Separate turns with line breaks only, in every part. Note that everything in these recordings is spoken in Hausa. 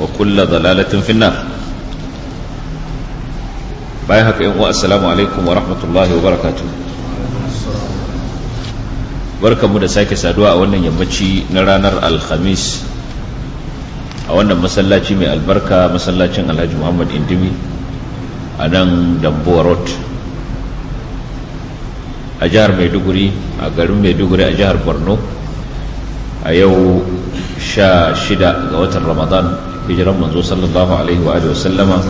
وكل ضلالة في النار بايهك إخوة السلام عليكم ورحمة الله وبركاته barka mu da sake saduwa a wannan yammaci na ranar alhamis a wannan masallaci mai albarka masallacin alhaji muhammad indimi a nan damboa a jihar maiduguri a garin maiduguri a jihar borno a yau sha shida ga watan ramadan hijiran manzo sallallahu alaihi wa alihi wasallama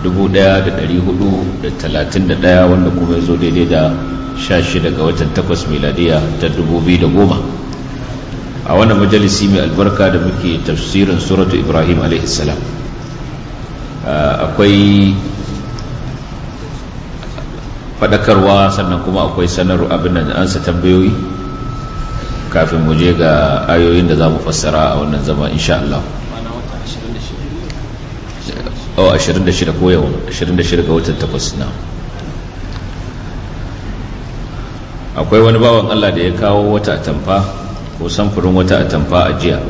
1431 wanda kuma ya zo daidai da 16 ga watan 8 miladiya ta 2010 a wannan majalisi mai albarka da muke tafsirin suratu ibrahim alaihi salam akwai faɗakarwa sannan kuma akwai sanar abin da ansa tambayoyi kafin mu je ga ayoyin da za mu fassara a wannan zama insha Allah. awa 26 ko yau 26 ga watan takwas na akwai wani bawan Allah da ya kawo wata atamfa ko samfurin wata atamfa a jiya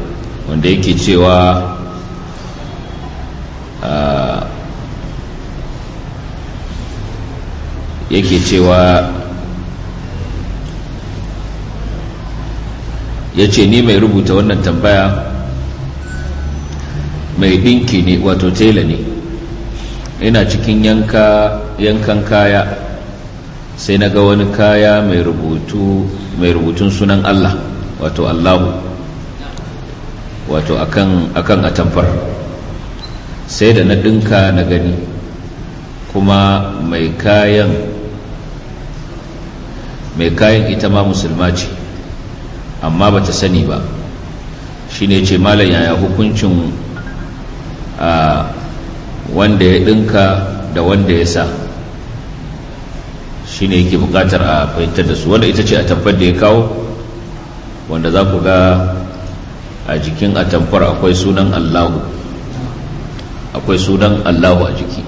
wanda yake cewa yake cewa ya ce ni mai rubuta wannan tambaya mai dinki ne wato tela ne ina cikin yankan kaya sai na ga wani kaya mai rubutun sunan Allah wato Allahu wato akan akan atamfar sai da na dinka na gani kuma mai kayan mai kayan ita ma musulma ce amma ba ta sani ba shi ne ce malam yaya hukuncin a ah, wanda ya ɗinka da wanda ya sa shi ne yake buƙatar a fahimtar da su wanda ita ce a tabbar da ya kawo wanda za ku ga a jikin a tamfar akwai sunan allahu akwai sunan allahu a jiki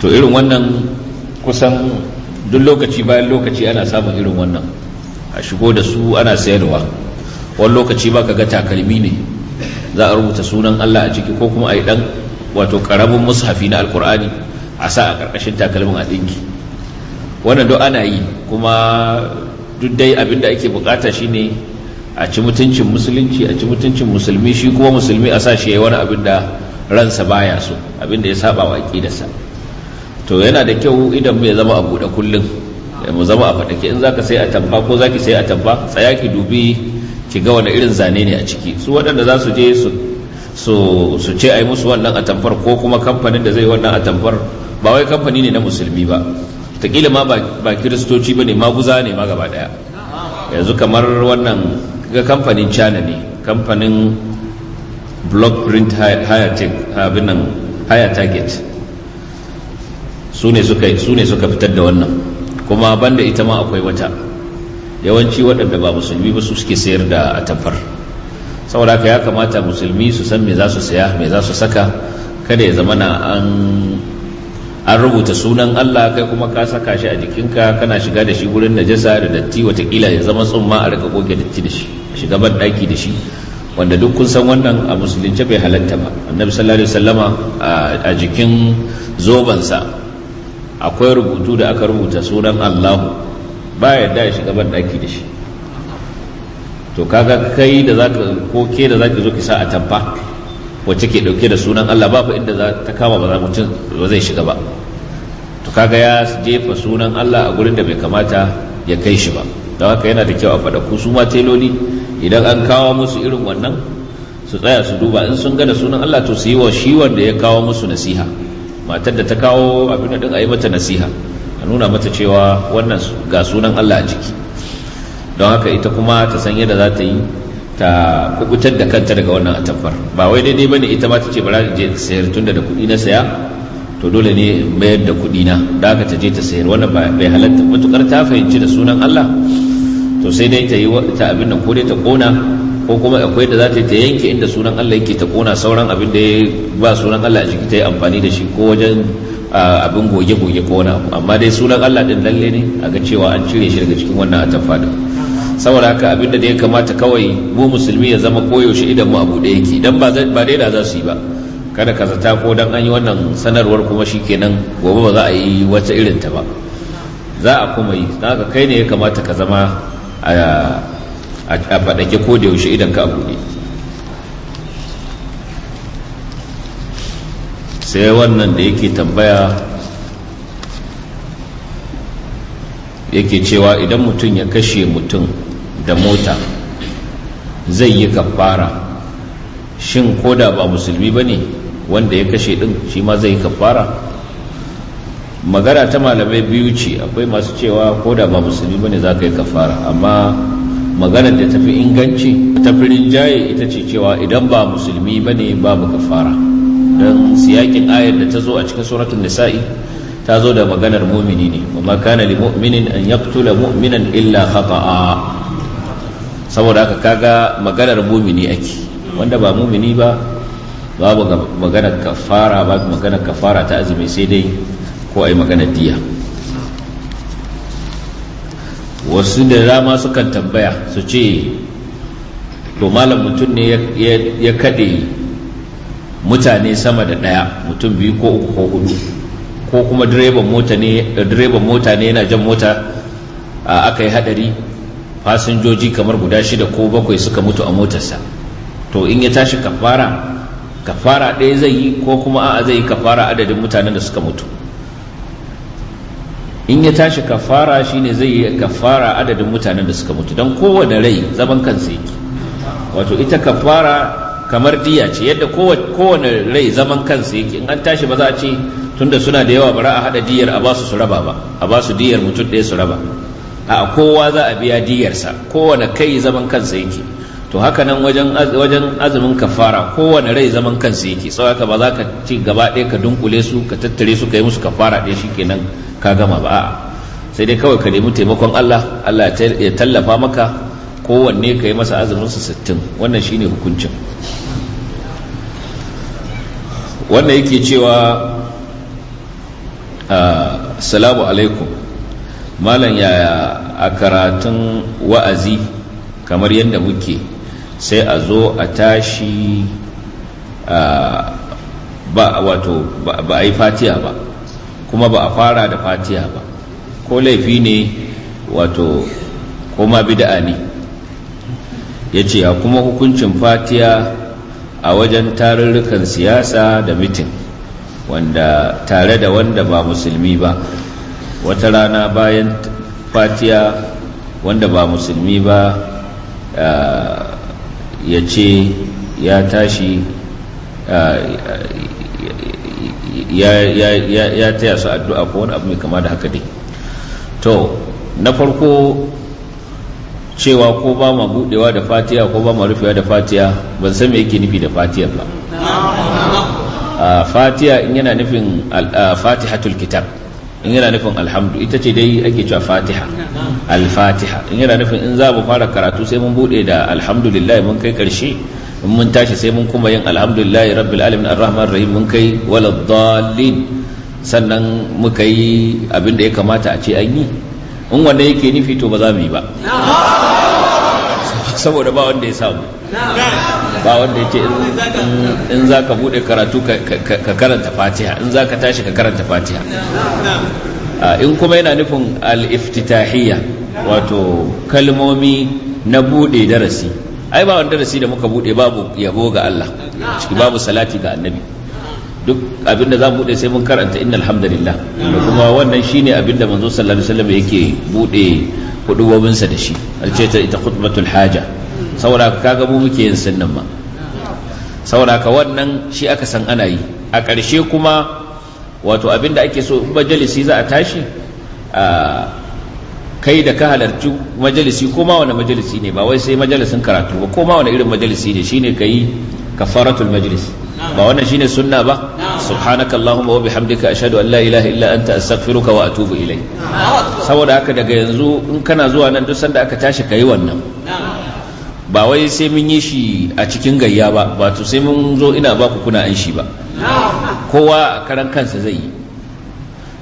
to irin wannan kusan duk lokaci bayan lokaci ana samun irin wannan a shigo da su ana sayarwa wani lokaci ba ka ga takalmi ne za a rubuta sunan Allah a ciki ko kuma a yi dan wato karamin mushafi na alkur'ani a sa a karkashin takalmin a dinki wannan duk ana yi kuma duk dai abin da ake bukata shine a ci mutuncin musulunci a ci mutuncin musulmi shi kuma musulmi a sa shi yayi wani abin da ransa baya so abin da ya saba wa aqidarsa to yana da kyau idan mu ya zama a buɗe kullum mu zama a faɗake in zaka sai a tabba ko zaki sai a tabba tsaya ki dubi ki ga wani irin zane ne a ciki su waɗanda za su je su ce a yi musu wannan atamfar ko kuma kamfanin da zai wannan atamfar ba wai kamfani ne na musulmi ba taƙila ma ba kiristoci ba ne maguza ne ma gaba ɗaya yanzu kamar wannan ga kamfanin china ne kamfanin block print higher target su ne suka fitar da wannan kuma banda ita ma akwai wata yawanci waɗanda ba musulmi ba su suke sayar da atamfar saboda haka ya kamata musulmi su san me za su saya me za su saka kada ya zamana an an rubuta sunan Allah kai kuma ka saka shi a jikinka kana shiga da shi gurin najasa da datti watakila ya zama tsumma a rika goge datti da shi shiga ban daki da shi wanda duk kun san wannan a musulunci bai halatta ba annabi sallallahu alaihi wasallama a jikin zobansa akwai rubutu da aka rubuta sunan Allahu. ba ya ya shiga ban daki da shi to kaga kai da zaka ko ke da zaki zo ki sa a tamfa wacce ke dauke da sunan Allah babu inda za ta kama ba za mutum ba zai shiga ba to kaga ya jefa sunan Allah a gurin da bai kamata ya kai shi ba don haka yana da kyau a faɗa ku su ma teloli idan an kawo musu irin wannan su tsaya su duba in sun gada sunan Allah to su yi wa shi wanda ya kawo musu nasiha matar da ta kawo abin da din a yi mata nasiha nuna mata cewa wannan ga sunan Allah a ciki don haka ita kuma ta san yadda za ta yi ta kubutar da kanta daga wannan atamfar ba wai daidai bane ita ma ta ce bara je sayar tunda da kuɗi na saya to dole ne mayar da kuɗi na da haka ta je ta sayar wannan bai halatta matukar ta fahimci da sunan Allah to sai dai ta yi ta abin nan ko dai ta kona ko kuma akwai da za ta ta yanke inda sunan Allah yake ta kona sauran abin da ba sunan Allah a jiki ta yi amfani da shi ko wajen abin goge-goge ko wani abu amma dai sunan Allah din lalle ne a ga cewa an cire shi daga cikin wannan atafadin saboda haka abin da ya kamata kawai mu musulmi ya zama koyaushe idan mu abu da yake dan ba dai da za su yi ba kada ka zata ko dan an yi wannan sanarwar kuma shi shikenan gobe ba za a yi wata irin ta ba za a kuma yi haka kai ne ya kamata ka zama a faɗake ko da yaushe idan ka abu yake sai wannan da yake tambaya yake cewa idan mutum ya kashe mutum da mota zai yi kafara shin koda ba musulmi ba ne wanda ya kashe din shi ma zai yi kafara magana ta malamai biyu ce akwai masu cewa koda ba musulmi ba ne za ka yi kafara amma maganar da tafi inganci tafi rinjaye ita ce cewa idan ba musulmi ba ne babu kafara dan siyakin ayar da ta zo a cikin suratul nisa'i ta zo da maganar mumini ne wa kana li mu'minin an yaqtula mu'minan illa khata'a saboda haka kaga maganar mumini ake wanda ba mumini ba babu maganar kafara ba maganar kafara ta azumi sai dai ko ai maganar diya wasu da dama sukan tambaya su ce to malam mutum ne ya kade mutane sama da ɗaya mutum biyu ko uku ko hudu ko kuma eh, direban mota ne yana jan mota a aka yi hadari fasinjoji kamar guda shida ko bakwai suka mutu a motarsa to in ya tashi kafara kafara ɗaya zai yi ko kuma a'a zai yi kafara adadin mutanen da suka mutu in ya tashi kafara shine zai yi kafara adadin mutanen da suka mutu don kowane rai zaman kansa yake wato ita kafara kamar diya ce yadda kowane rai zaman kansa yake in an tashi ba za a ce tunda suna da yawa bara a hada diyar a basu su raba ba a basu diyar mutum ɗaya su raba a kowa za a biya diyarsa kowane kai zaman kansa yake to haka nan wajen azumin azumin kafara kowane rai zaman kansa yake sau ka ba za ka ci gaba ɗaya ka dunkule su ka tattare su ka yi musu kafara ɗaya shi nan ka gama ba a'a sai dai kawai ka nemi taimakon Allah Allah ya tallafa maka kowanne ka yi masa azumin su sittin wannan shine hukuncin wannan yake cewa ah, salamu alaikum malam yaya a karatun wa'azi kamar yadda muke sai a zo a tashi ah, ba wato ba a yi fatiya ba kuma ba a fara da fatiya ba ko laifi ne wato ko ma bida'a ne ya ce a kuma hukuncin fatiya a wajen tarurrukan siyasa da mitin wanda tare da wanda ba musulmi ba wata rana bayan fatiya wanda ba musulmi ba ya ce ya tashi ya taya su addu'a ko wani abu mai kama da haka dai to na farko cewa ko ba ma budewa da fatiya ko ba ma rufewa da fatiya ban san me yake nufi da fatiya ba fatiya in yana nufin fatihatul kitab in yana nufin alhamdu ita ce dai ake cewa fatiha al-fatiha in yana nufin in za mu fara karatu sai mun bude da alhamdulillah mun kai karshe in mun tashi sai mun kuma yin alhamdulillah rabbil alamin arrahman rahim mun kai dallin sannan muka yi abin da ya kamata a ce an yi in wanda yake nufi to ba za mu yi ba saboda ba wanda ya samu ba wanda yake in za ka bude karatu ka karanta fatiha in za ka tashi ka karanta fatiha ah, in kuma yana nufin al-iftitahiyya wato kalmomi na bude darasi ai ba wanda darasi da muka bude babu yabo ga Allah ciki babu salati ga annabi duk abinda za mu sai mun karanta innal hamdalillah da kuma wannan shine abinda manzo sallallahu alaihi wasallam yake bude hudubobin sa da shi alce ta ita khutbatul haja saboda kaga mu muke yin sunnan ma saboda ka wannan shi aka san ana yi a ƙarshe kuma wato abinda ake so in majalisi za a tashi a kai da ka halarci majalisi ko ma wani majalisi ne ba wai sai majalisin karatu ba ko ma wani irin majalisi ne shine kai kafaratul majlis ba wannan shine sunna ba subhanaka allahumma wa bihamdika ashhadu an la ilaha illa anta astaghfiruka wa atubu ilayk saboda haka daga yanzu in kana zuwa nan duk sanda aka tashi kai wannan ba wai sai mun yi shi a cikin gayya ba wato sai mun zo ina ba ku kuna an shi ba kowa karan kansa zai yi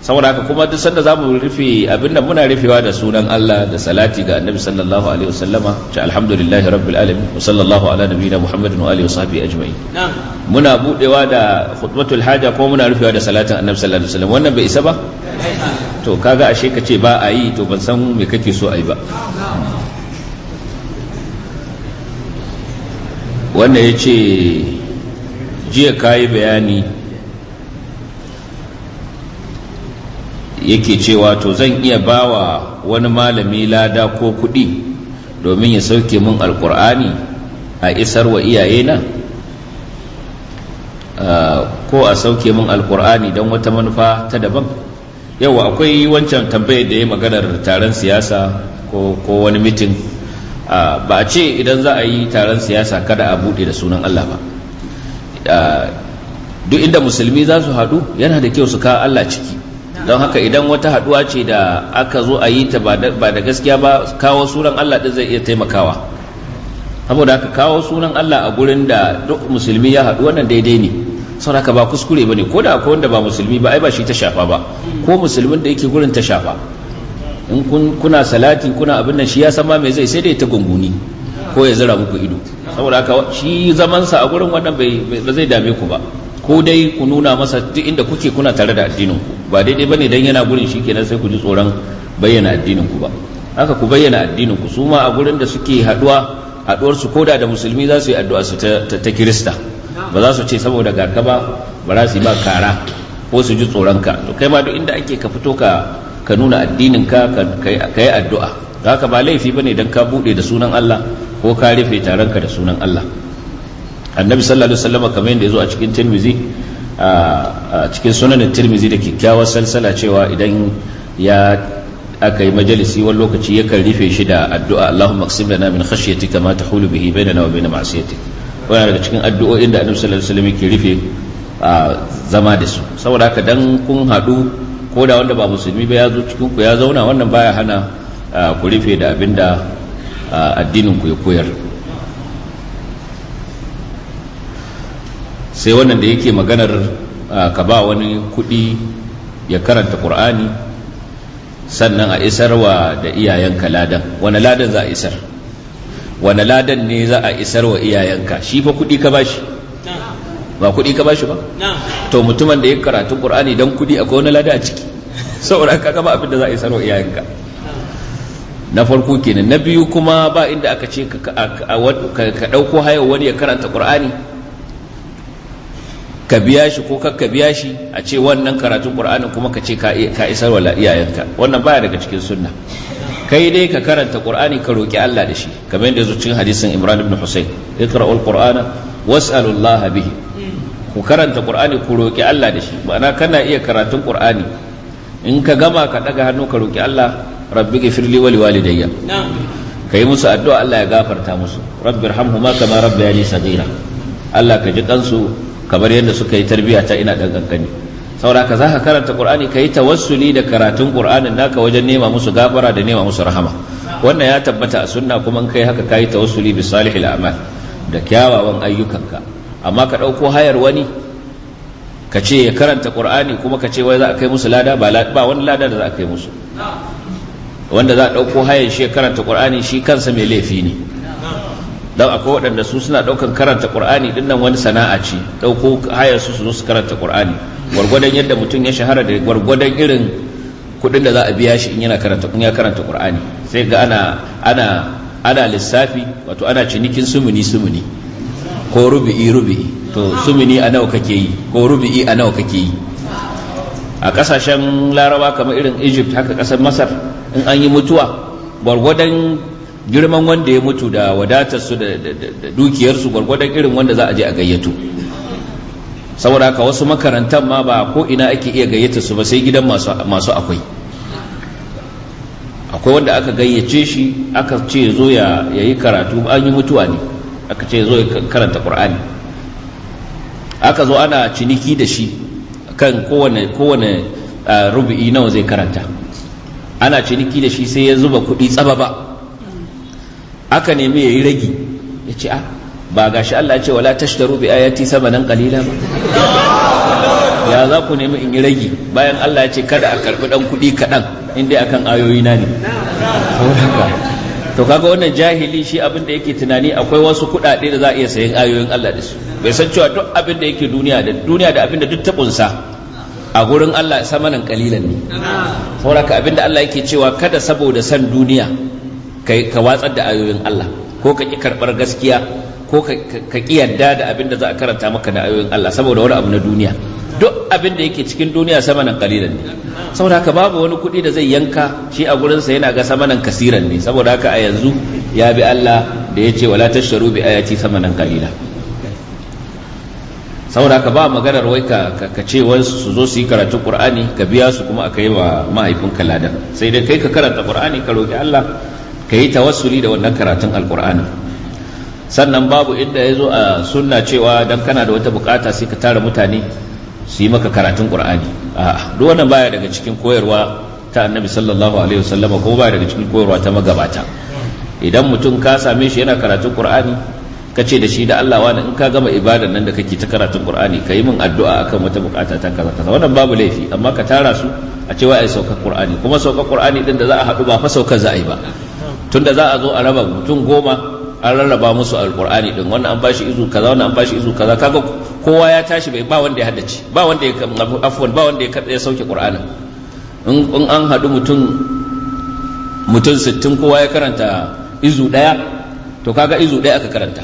saboda haka kuma duk sanda zamu rufe abinda muna rufewa da sunan Allah da salati ga Annabi sallallahu alaihi wasallama ta alhamdulillahi rabbil alamin wa sallallahu ala nabiyina Muhammadin wa alihi washabi ajma'in muna budewa da khutbatul haja ko muna rufewa da salatin Annabi sallallahu alaihi wasallam wannan bai isa ba to kaga ashe kace ba a yi to ban san me kake so a yi ba wannan yace jiya kayi bayani yake cewa to zan iya bawa wani malami lada ko kuɗi domin ya sauke mun alkur'ani a isar wa iyayena ko a sauke mun alkur'ani don wata manufa ta daban yawa akwai wancan tambayar da ya maganar taron siyasa ko wani mitin ba a ce idan za a yi taron siyasa kada a bude da sunan Allah ba duk inda musulmi za su haɗu yana da kyau su kawo Allah ciki don haka idan wata haduwa ce da aka zo a yi ta ba da gaskiya ba kawo sunan Allah din zai iya taimakawa saboda haka kawo sunan Allah a gurin da duk musulmi ya haɗu wannan daidai ne saboda haka ba kuskure bane ko da akwai wanda ba musulmi ba ai ba shi ta shafa ba ko musulmin da yake gurin ta shafa in kuna salati kuna abin nan shi ya san ma me zai sai dai ta gunguni ko ya zira muku ido saboda haka shi zamansa a gurin wannan ba zai dame ku ba ko dai ku nuna masa duk inda kuke kuna tare da addinin ku ba daidai bane dan yana gurin shikenan sai ku ji tsoron bayyana addinin ku ba haka ku bayyana addinin ku su ma a gurin da suke haduwa haduwar su koda da musulmi za su yi addu'a su ta, kirista ba za su ce saboda ga ba ba za su yi ba kara ko su ji tsoron ka to kai ma duk inda ake ka fito ka ka nuna addinin ka ka yi addu'a haka ba laifi bane dan ka bude da sunan Allah ko ka rufe taron ka da sunan Allah annabi sallallahu alaihi wasallam kamar yadda yazo a cikin tirmizi a cikin sunanin tirmizi da kyakkyawar salsala cewa idan ya aka yi majalisi wani lokaci yakan rufe shi da addu'a Allahumma aqsim lana min khashyatika ma tahulu bihi bainana wa bain ma'siyatik wannan daga cikin addu'o'in da annabi sallallahu alaihi wasallam yake rufe zama da su saboda haka dan kun hadu ko da wanda ba musulmi ba ya zo cikin ku ya zauna wannan baya hana ku rufe da abinda addinin ku ya koyar sai wannan da yake maganar ka ba wani kuɗi ya karanta ƙur'ani sannan a isarwa da iyayenka ladan wani ladan za a isar wani ladan ne za a isarwa iyayenka shi fa kuɗi ka bashi ba kuɗi ka bashi ba to mutumin da ya karatu ƙur'ani don kuɗi akwai wani lada a ciki saboda ka gaba abin da za a isarwa iyayenka na farko kenan na biyu kuma ba inda aka ce ka ɗauko hayar wani ya karanta ƙur'ani ka biya shi ko ka biya shi a ce wannan karatun qur'anin kuma ka ce ka isar wa iyayenka wannan baya daga cikin sunna kai dai ka karanta qur'ani ka roki Allah da shi kamar yadda zuciyar hadisin Imran ibn Husayn iqra'ul qur'ana was'alullaha bihi ku karanta qur'ani ku roki Allah da shi ma'ana kana iya karatun qur'ani in ka gama ka daga hannu ka roki Allah rabbi ghfirli wa liwalidayya kai musu addu'a Allah ya gafarta musu rabbirhamhuma kama rabbayani saghira Allah ka ji kansu kamar yadda suka yi tarbiya ta ina dan kankani saboda ka zaka karanta qur'ani kai tawassuli da karatun qur'anin naka wajen nema musu gafara da nema musu rahama wannan ya tabbata a sunna kuma in kai haka kai tawassuli bi salihil a'mal da kyawawan ayyukanka amma ka dauko hayar wani ka ce ya karanta qur'ani kuma ka ce wai za a kai musu lada ba wani lada da za a kai musu wanda za a ɗauko hayan shi ya karanta qur'ani shi kansa mai laifi ne don akwai waɗanda su suna ɗaukan karanta ƙur'ani ɗin nan wani sana'a ce ɗauko hayar su su karanta ƙur'ani gwargwadon yadda mutum ya shahara da gwargwadon irin kuɗin da za a biya shi in yana karanta in ya karanta ƙur'ani sai ga ana ana ana lissafi wato ana cinikin sumuni sumuni ko rubi'i rubi'i to sumuni a nawa kake yi ko rubi'i a nawa kake yi a kasashen laraba kamar irin egypt haka kasar masar in an yi mutuwa gwargwadon girman wanda ya mutu da wadatarsu da dukiyarsu gwargwadon irin wanda za a je a gayyato saboda haka wasu makarantar ma ba ko ina ake iya gayyata su ba sai gidan masu akwai akwai wanda aka gayyace shi aka ce zo ya yi karatu an yi mutuwa ne aka ce zo ya karanta qur'ani aka zo ana ciniki da shi kan kowane kowane ah, nawa zai karanta ana ciniki da shi sai ya zuba kuɗi tsaba ba aka nemi ah ya yi ragi ya ce a ba ga shi Allah ce wala tashtaru bi ayati samanan qalila ba ya za ku nemi in yi ragi bayan Allah ya ce kada a karbi dan kuɗi kaɗan in dai akan ayoyi na ne to kaga wannan jahili shi abin da yake tunani akwai wasu kuɗaɗe da za a iya sayan ayoyin Allah da su bai san cewa duk abin da yake duniya da duniya da abin da duk ta a gurin Allah samanan kalilan ne saboda abinda Allah yake cewa kada saboda san duniya ka watsar da ayoyin Allah ko ka ki karɓar gaskiya ko ka ki yarda da abin da za a karanta maka da ayoyin Allah saboda wani abu na duniya duk abin da yake cikin duniya sama nan kalilan ne saboda haka babu wani kuɗi da zai yanka shi a gurinsa yana ga samanan kasiran ne saboda haka a yanzu ya bi Allah da ya ce wala tasharu bi ayati samanan kalila saboda haka ba maganar wai ka ka ce wasu su zo su yi karatun Qur'ani ka biya su kuma a yi wa mahaifinka ladan sai dai kai ka karanta Qur'ani ka roki Allah ka yi tawassuli da wannan karatun alkur'ani sannan babu inda ya zo a sunna cewa don kana da wata bukata sai ka tara mutane su yi maka karatun kur'ani? a'a duk wannan baya daga cikin koyarwa ta annabi sallallahu alaihi wasallam ko baya daga cikin koyarwa ta magabata idan mutum ka same shi yana karatun kur'ani ka ce da shi da Allah wani in ka gama ibadan nan da kake ta karatun Qur'ani ka yi min addu'a akan wata bukata ta kaza kaza wannan babu laifi amma ka tara su a cewa ai saukar Qur'ani kuma saukar Qur'ani din da za a haɗu ba fa saukar za a yi ba tunda za a zo a raba mutum goma an rarraba musu alkur'ani din wannan an bashi izu kaza wannan an bashi izu kaza kaga kowa ya tashi bai ba wanda ya haddace ba wanda ya afwan ba wanda ya sauke qur'anin in an hadu mutum mutum 60 kowa ya karanta izu daya to kaga izu daya aka karanta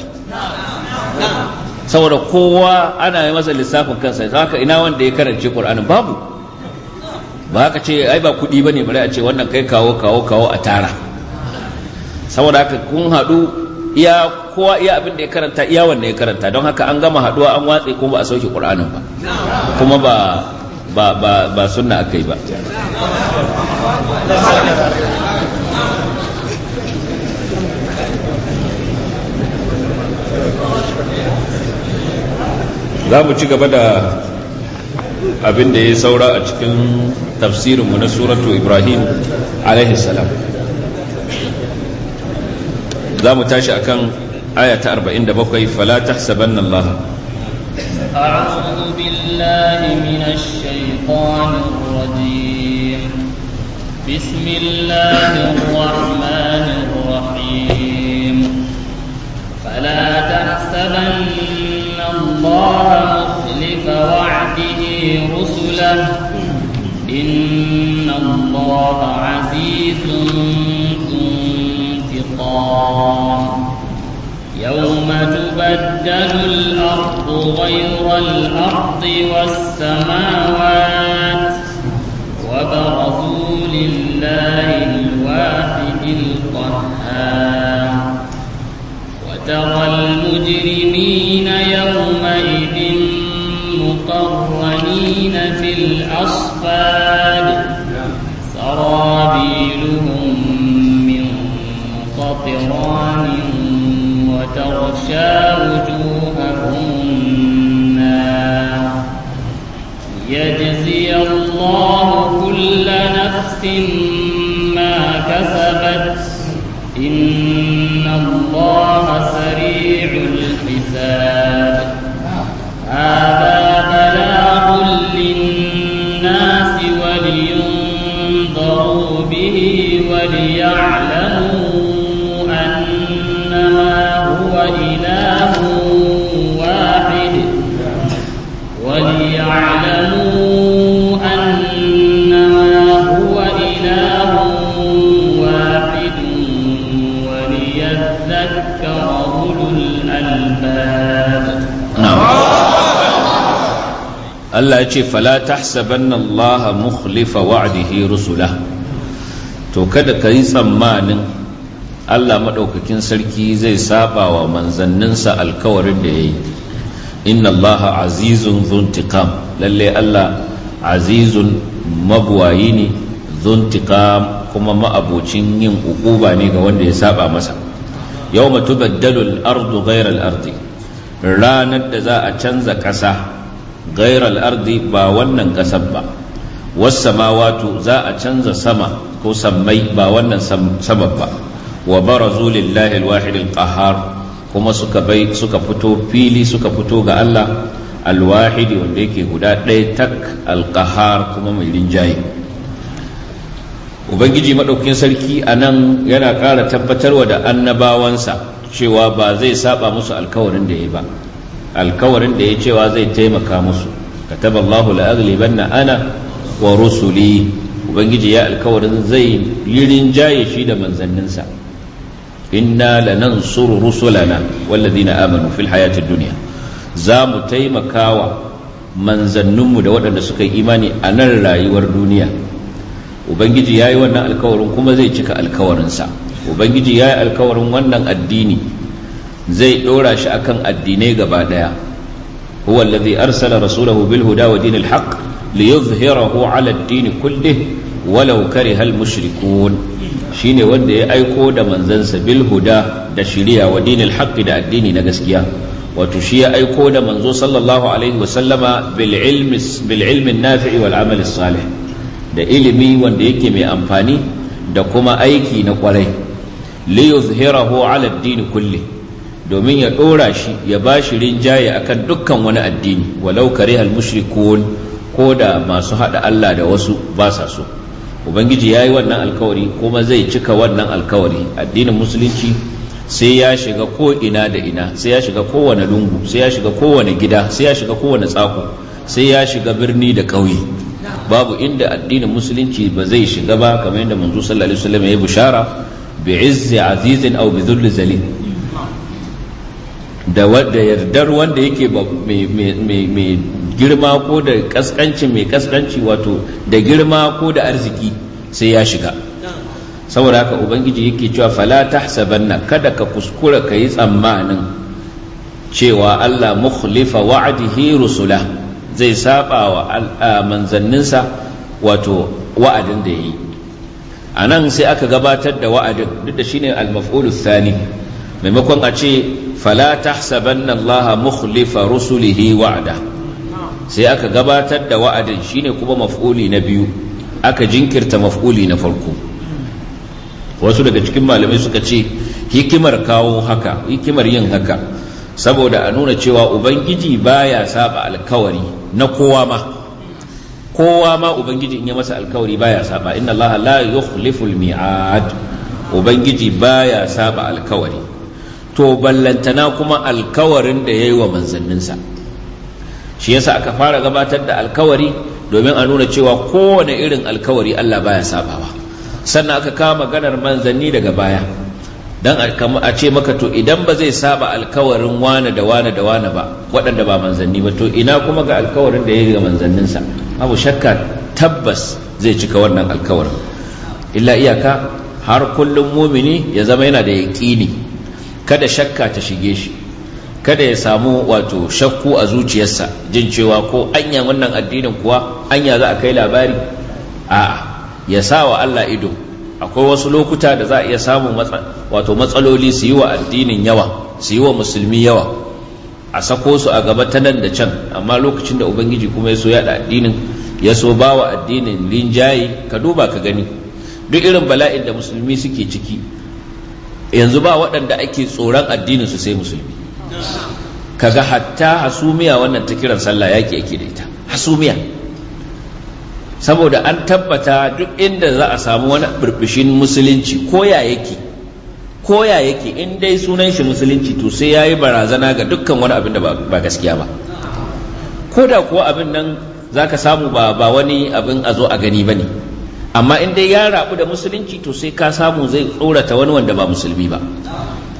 saboda kowa ana yi masa lissafin kansa haka ina wanda ya karanci qur'anin babu ba haka ce ai ba kudi bane bare a ce wannan kai kawo kawo kawo a tara saboda haka kun haɗu iya kowa iya abin da ya karanta iya wanda ya karanta don haka an gama haɗuwa an watse kuma ba a sauke ƙur'anin ba kuma ba ba ba ba sunna akai ba za mu ci gaba da abin da ya saura a cikin tafsirinmu na suratu ibrahim alaihi salam za mu tashi a kan ayata arba'in da bakwai fala ta saban nan ba
فلا تحسبن الله مخلف وعده رسله إن الله عزيز ذو يوم تبدل الأرض غير الأرض والسماوات وبرزوا لله الواحد القهار وترى المجرمين يومئذ مقرنين في الأصفاد سرابيل قطران وتغشى وجوههم النار يجزي الله كل نفس ما
Allah ya ce fala tahsabanna Allah mukhlifa wa'dihi rusula to kada ka yi tsammanin Allah maɗaukakin sarki zai saba wa manzanninsa alkawarin da yayi inna Allah azizun zuntiqam lalle Allah azizun mabuwayi ne zuntiqam kuma ma'abocin yin ukuba ne ga wanda ya saba masa yau tubaddalu al-ardu ghayra ardi ranar da za a canza ƙasa gairar ardi ba wannan ƙasar ba wasu samawatu za a canza sama ko sammai ba wannan saman ba wa barazu lillahi alwahid alqahar kuma suka bai suka fito fili suka fito ga Allah alwahidi wanda yake guda ɗaya tak alqahar kuma mai rinjaye ubangiji maɗaukin sarki a nan yana ƙara tabbatarwa da annabawansa cewa ba zai saba musu alkawarin da ya ba alkawarin da ya cewa zai taimaka musu kataba Allahu la'aghlibanna ana wa rusuli ubangiji ya alkawarin zai lirin jaye shi da manzanninsa inna lanansuru rusulana walladina amanu fil hayati duniya. za mu taimakawa manzanninmu da waɗanda suka yi imani a nan rayuwar duniya ubangiji ya yi wannan alkawarin kuma zai cika alkawarinsa ubangiji ya yi alkawarin wannan addini zai ɗora shi a kan addinai gaba ɗaya huwa alladhi arsala rasulahu bil huda wa dinil haqq liyuzhirahu ala ad-din kullih walau kariha al-mushrikun shine wanda ya aiko da manzansa bil huda da shiriya wa dinil haqq da addini na gaskiya wato shi ya aiko da manzo sallallahu alaihi wa sallama bil ilmi bil ilmi nafi'i wal amal da ilimi wanda yake mai amfani da kuma aiki na kwarai liyuzhirahu ala ad-din kullih domin ya ɗora shi ya ba shi rinjaye akan dukkan wani addini walau karihal mushrikun ko da masu haɗa Allah da wasu ba sa so ubangiji ya yi wannan alkawari kuma zai cika wannan alkawari addinin musulunci sai ya shiga ko ina da ina sai ya shiga kowane lungu sai ya shiga kowane gida sai ya shiga kowane tsako sai ya shiga birni da ƙauye babu inda addinin musulunci ba zai shiga ba kamar yadda manzo sallallahu alaihi wasallam ya bushara bi'izzi azizin aw bi dhulli zalil da wanda yardar wanda yake mai girma ko da kaskanci mai kaskanci wato da girma ko da arziki sai ya shiga saboda haka ubangiji yake cewa fala tahsabanna kada ka kuskura ka yi tsammanin cewa Allah mukhlifa wa'adihi rusula zai saba wa manzanninsa wato wa'adin da yi a nan sai aka gabatar da wa'adin duk da shine al-maf'ul thani maimakon a ce fala tahsabanna allaha mukhlifa rusulihi wa'ada. sai aka gabatar da wa'adin shine kuma maf'uli na biyu aka jinkirta maf'uli na farko wasu daga cikin malamai suka ce hikimar kawo haka hikimar yin haka saboda a nuna cewa ubangiji baya saba alkawari na kowa ma kowa ma ubangiji in ya masa alkawari baya saba inna allaha la yukhlifu mi'ad ubangiji baya saba alkawari to ballantana kuma alkawarin da ya yi wa manzanninsa shi yasa aka fara gabatar da alkawari domin a nuna cewa kowane irin alkawari Allah baya sabawa sannan aka kawo maganar manzanni daga baya Don a ce maka to idan ba zai saba alkawarin wane da wane da wane ba waɗanda ba manzanni ba to ina kuma ga alkawarin da ya yi ga manzanninsa abu shakka tabbas zai cika wannan alkawarin illa iyaka har kullum mumini ya zama yana da yaƙini kada shakka ta shige shi kada ya samu wato shakku a zuciyarsa jin cewa ko anya wannan addinin kuwa anya za a kai labari a ya sa wa Allah ido akwai wasu lokuta da za a iya samun wato matsaloli su yi wa addinin yawa su yi wa musulmi yawa a sako su a gaba ta nan da can amma lokacin da ubangiji kuma ya so yada addinin ya so ba wa addinin linjaye ka duba ka gani duk irin bala'in da musulmi suke ciki yanzu ba waɗanda ake tsoron addinin su sai musulmi kaga hatta hasumiya wannan ta kiran sallah yaki ake da ita hasumiya saboda an tabbata duk inda za a samu wani burbushin musulunci koya yake koya yake in dai sunan shi musulunci to sai yayi barazana ga dukkan wani abin da ba gaskiya ba ko da kuwa abin nan zaka samu ba wani abin a zo a gani bane amma in dai ya rabu da musulunci to sai ka samu zai tsorata wani wanda ba musulmi ba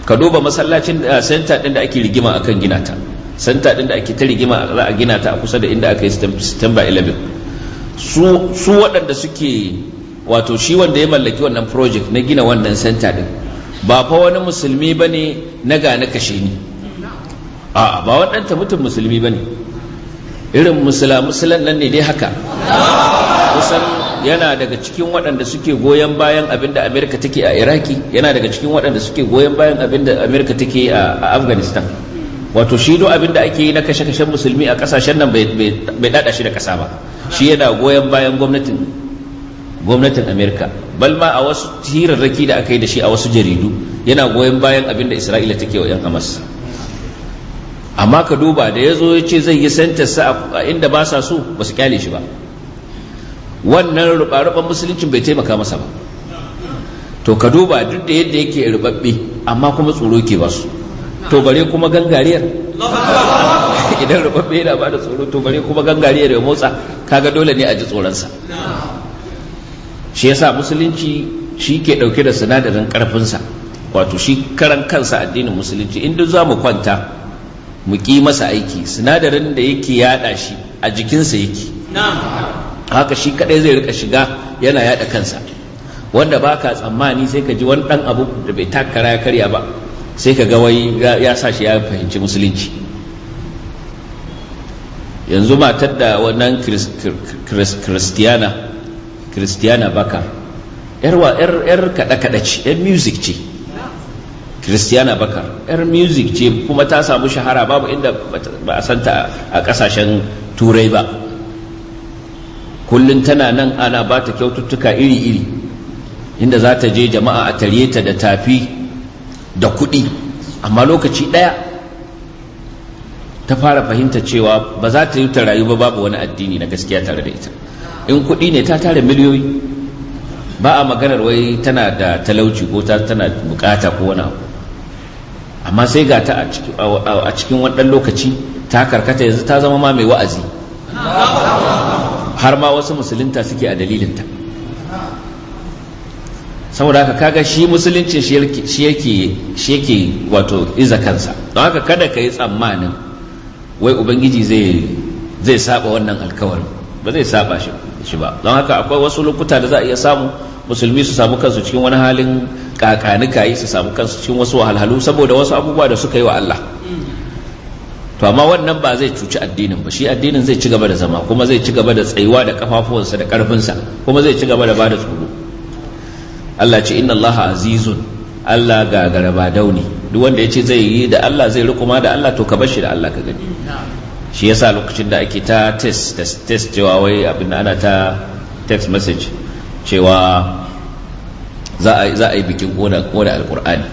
ka duba masallacin senta eh, din da ake rigima akan gina ta senta din da ake ta rigima za a gina ta a kusa da inda aka yi september 11 su su waɗanda suke wato shi wanda ya mallaki wannan project na gina wannan senta din ba fa wani musulmi bane na ga na kashe ni a'a ba waɗanta mutum musulmi bane irin musula musulan nan ne dai haka kusan yana daga cikin waɗanda suke goyon bayan abin da amerika take a iraki yana daga cikin waɗanda suke goyon bayan abin da amerika take a afghanistan wato shi duk abin da ake yi na kashe-kashen musulmi a kasashen nan bai dada shi da kasa ba shi yana goyon bayan gwamnatin gwamnatin amerika bal ma a wasu hirarraki da aka yi da shi a wasu jaridu yana goyon bayan abin da isra'ila take wa 'yan hamas amma ka duba da ya zo ya ce zai yi sentarsa a inda ba sa so ba su kyale shi ba wannan ruɓa musulunci musuluncin bai taimaka masa ba to ka duba duk da yadda yake rubabbe amma kuma tsoro ke ba su to bare kuma gangariyar idan rubabbe yana ba da tsoro to bare kuma gangariyar ya motsa kaga dole ne a ji tsoronsa shi yasa musulunci shi ke dauke da sinadarin ƙarfinsa, wato shi karan kansa addinin musulunci in duk za mu kwanta mu ki masa aiki sinadarin da yake yada shi a jikinsa
yake
haka shi kadai zai rika shiga yana yada kansa wanda baka tsammani sai ka ji wani dan abu da bai takara ya karya ba sai ka ga wai ya sa shi ya fahimci musulunci yanzu matar da wannan kristiyana kristiyana baka yar kaɗe-kaɗe ce yar music ce kristiyana bakar yar music ce kuma ta samu shahara babu inda ba a santa a ƙasashen turai ba kullum tana nan ana ba ta kyaututtuka iri-iri inda za ta je jama'a a tarye ta da tafi da kuɗi amma lokaci ɗaya ta fara fahimta cewa ba za ta yi ta rayu ba babu wani addini na gaskiya tare da ita in kuɗi ne ta tara miliyoyi ba a maganar wai tana da talauci ko tana bukata ko wani abu amma sai ga ta a cikin wadannan lokaci ta karkata yanzu ta zama ma mai wa'azi har ma wasu musulunta suke a dalilinta saboda haka kaga shi musulunci shi yake shi yake wato iza kansa don haka kada ka yi tsammanin wai ubangiji zai zai saba wannan alkawarin ba zai saba shi ba don haka akwai wasu lokuta da za a iya samu musulmi su samu kansu cikin wani halin kakanika yi su samu kansu cikin wasu wahalhalu saboda wasu abubuwa da suka yi wa Allah to amma wannan ba zai cuci addinin ba shi addinin zai ci gaba da zama kuma zai ci gaba da tsayuwa da kafafuwansa da karfinsa kuma zai ci gaba da bada tsoro Allah ce inna Allah azizun Allah gagara ba dauni duk wanda ya ce zai yi da Allah zai rikuma da Allah to ka bar shi da Allah ka gani shi yasa lokacin da ake ta test da test cewa wai abin da ana ta text message cewa za a yi bikin kona kona alqur'ani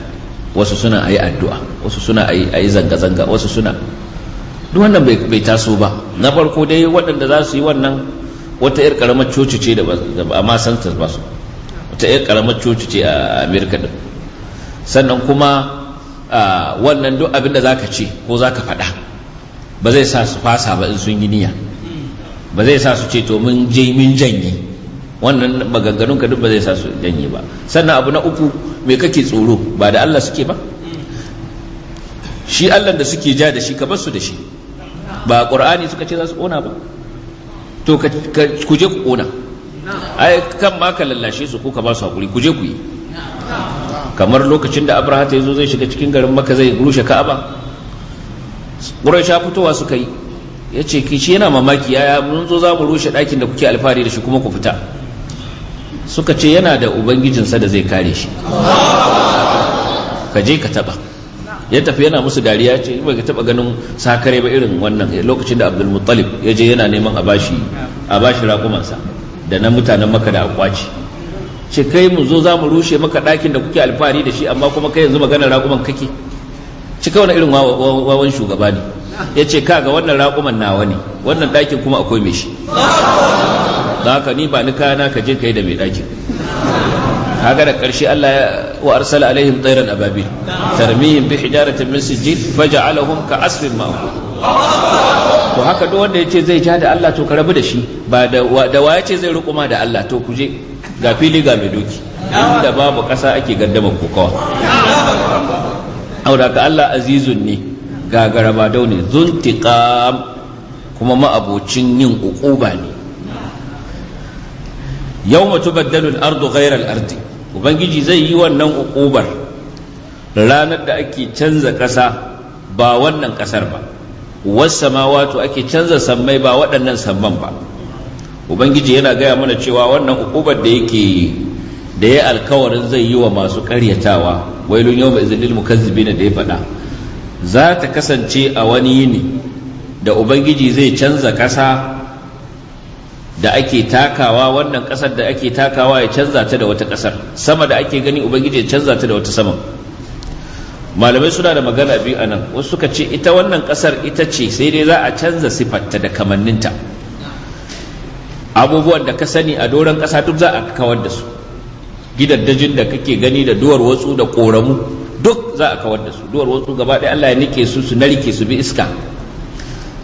wasu suna ayi addu'a wasu suna a ayi zanga zanga wasu suna duk wannan bai taso ba na farko dai waɗanda za su yi wannan wata 'yar karamar coci ce da ba ma san ba su wata 'yar karamar coci ce a amerika din sannan kuma wannan duk abin da za ka ce ko za ka faɗa ba zai sa su fasa ba in sun yi niyya ba zai sa su ce to mun je mun janye wannan maganganun ka duk ba zai sa su janye ba sannan abu na uku me kake tsoro ba da Allah suke ba shi Allah da suke ja da shi ka bar su da shi ba ƙur'ani suka ce za su kona ba to ku je ku kona ai kan ma ka lallashe su ko ka ba su hakuri ku je ku yi kamar lokacin da abraha ta zo zai shiga cikin garin maka zai rushe ka'aba sha fitowa suka yi ya ce kishi yana mamaki yaya mun zo za mu rushe dakin da kuke alfahari da shi kuma ku fita suka ce yana da ubangijinsa da zai kare shi ka je ka taba ya tafi yana musu dariya ce ba ga taba ganin sakare ba irin wannan lokacin da abdul muttalib ya je yana neman a bashi a bashi raƙumansa da na mutanen maka da akwaci ce kai mu zo za mu rushe maka ɗakin da kuke alfahari da shi amma kuma kai yanzu magana raƙuman kake ci kawai irin wawan shugaba ne ya ce kaga wannan raƙuman nawa ne wannan ɗakin kuma akwai mai shi za ka ni ba ni kayana ka je kai da mai ɗakin kaga da karshe Allah ya wa arsala alaihim tayran ababil tarmihim bi hijaratin min sijil faj'alahum ka asfin ma'kul to haka duk wanda yace zai ja da Allah to ka rabu da shi ba da da wa yace zai rukuma da Allah to kuje ga fili ga mai doki inda babu kasa ake gaddama kokawa aura ka Allah azizun ne gagara ba daune zuntiqam kuma ma'abocin yin uquba ne yau tubaddalu al-ardu ghayra ardi ubangiji zai yi wannan uƙubar ranar da ake canza ƙasa ba wannan ƙasar ba wasu wato ake canza sammai ba waɗannan samman ba ubangiji yana gaya mana cewa wannan uƙubar da yake da ya alkawarin zai yi wa masu ƙaryatawa wailun yau mai zalil mukazzibin da ya faɗa za ta kasance a wani yini da ubangiji zai canza ƙasa da ake takawa wannan ƙasar da ake takawa ya canza ta da wata ƙasar sama da ake gani ubangiji ya canza ta da wata saman malamai suna da magana biyu a nan wasu suka ce ita wannan ƙasar ita ce sai dai za a canza siffarta da kamanninta abubuwan da ka sani a doron ƙasa duk za a kawar da su gidaddajin da kake gani da duwar watsu da ƙoramu duk za a kawar da su duwar watsu gaba ɗaya Allah ya nike su su narke su bi iska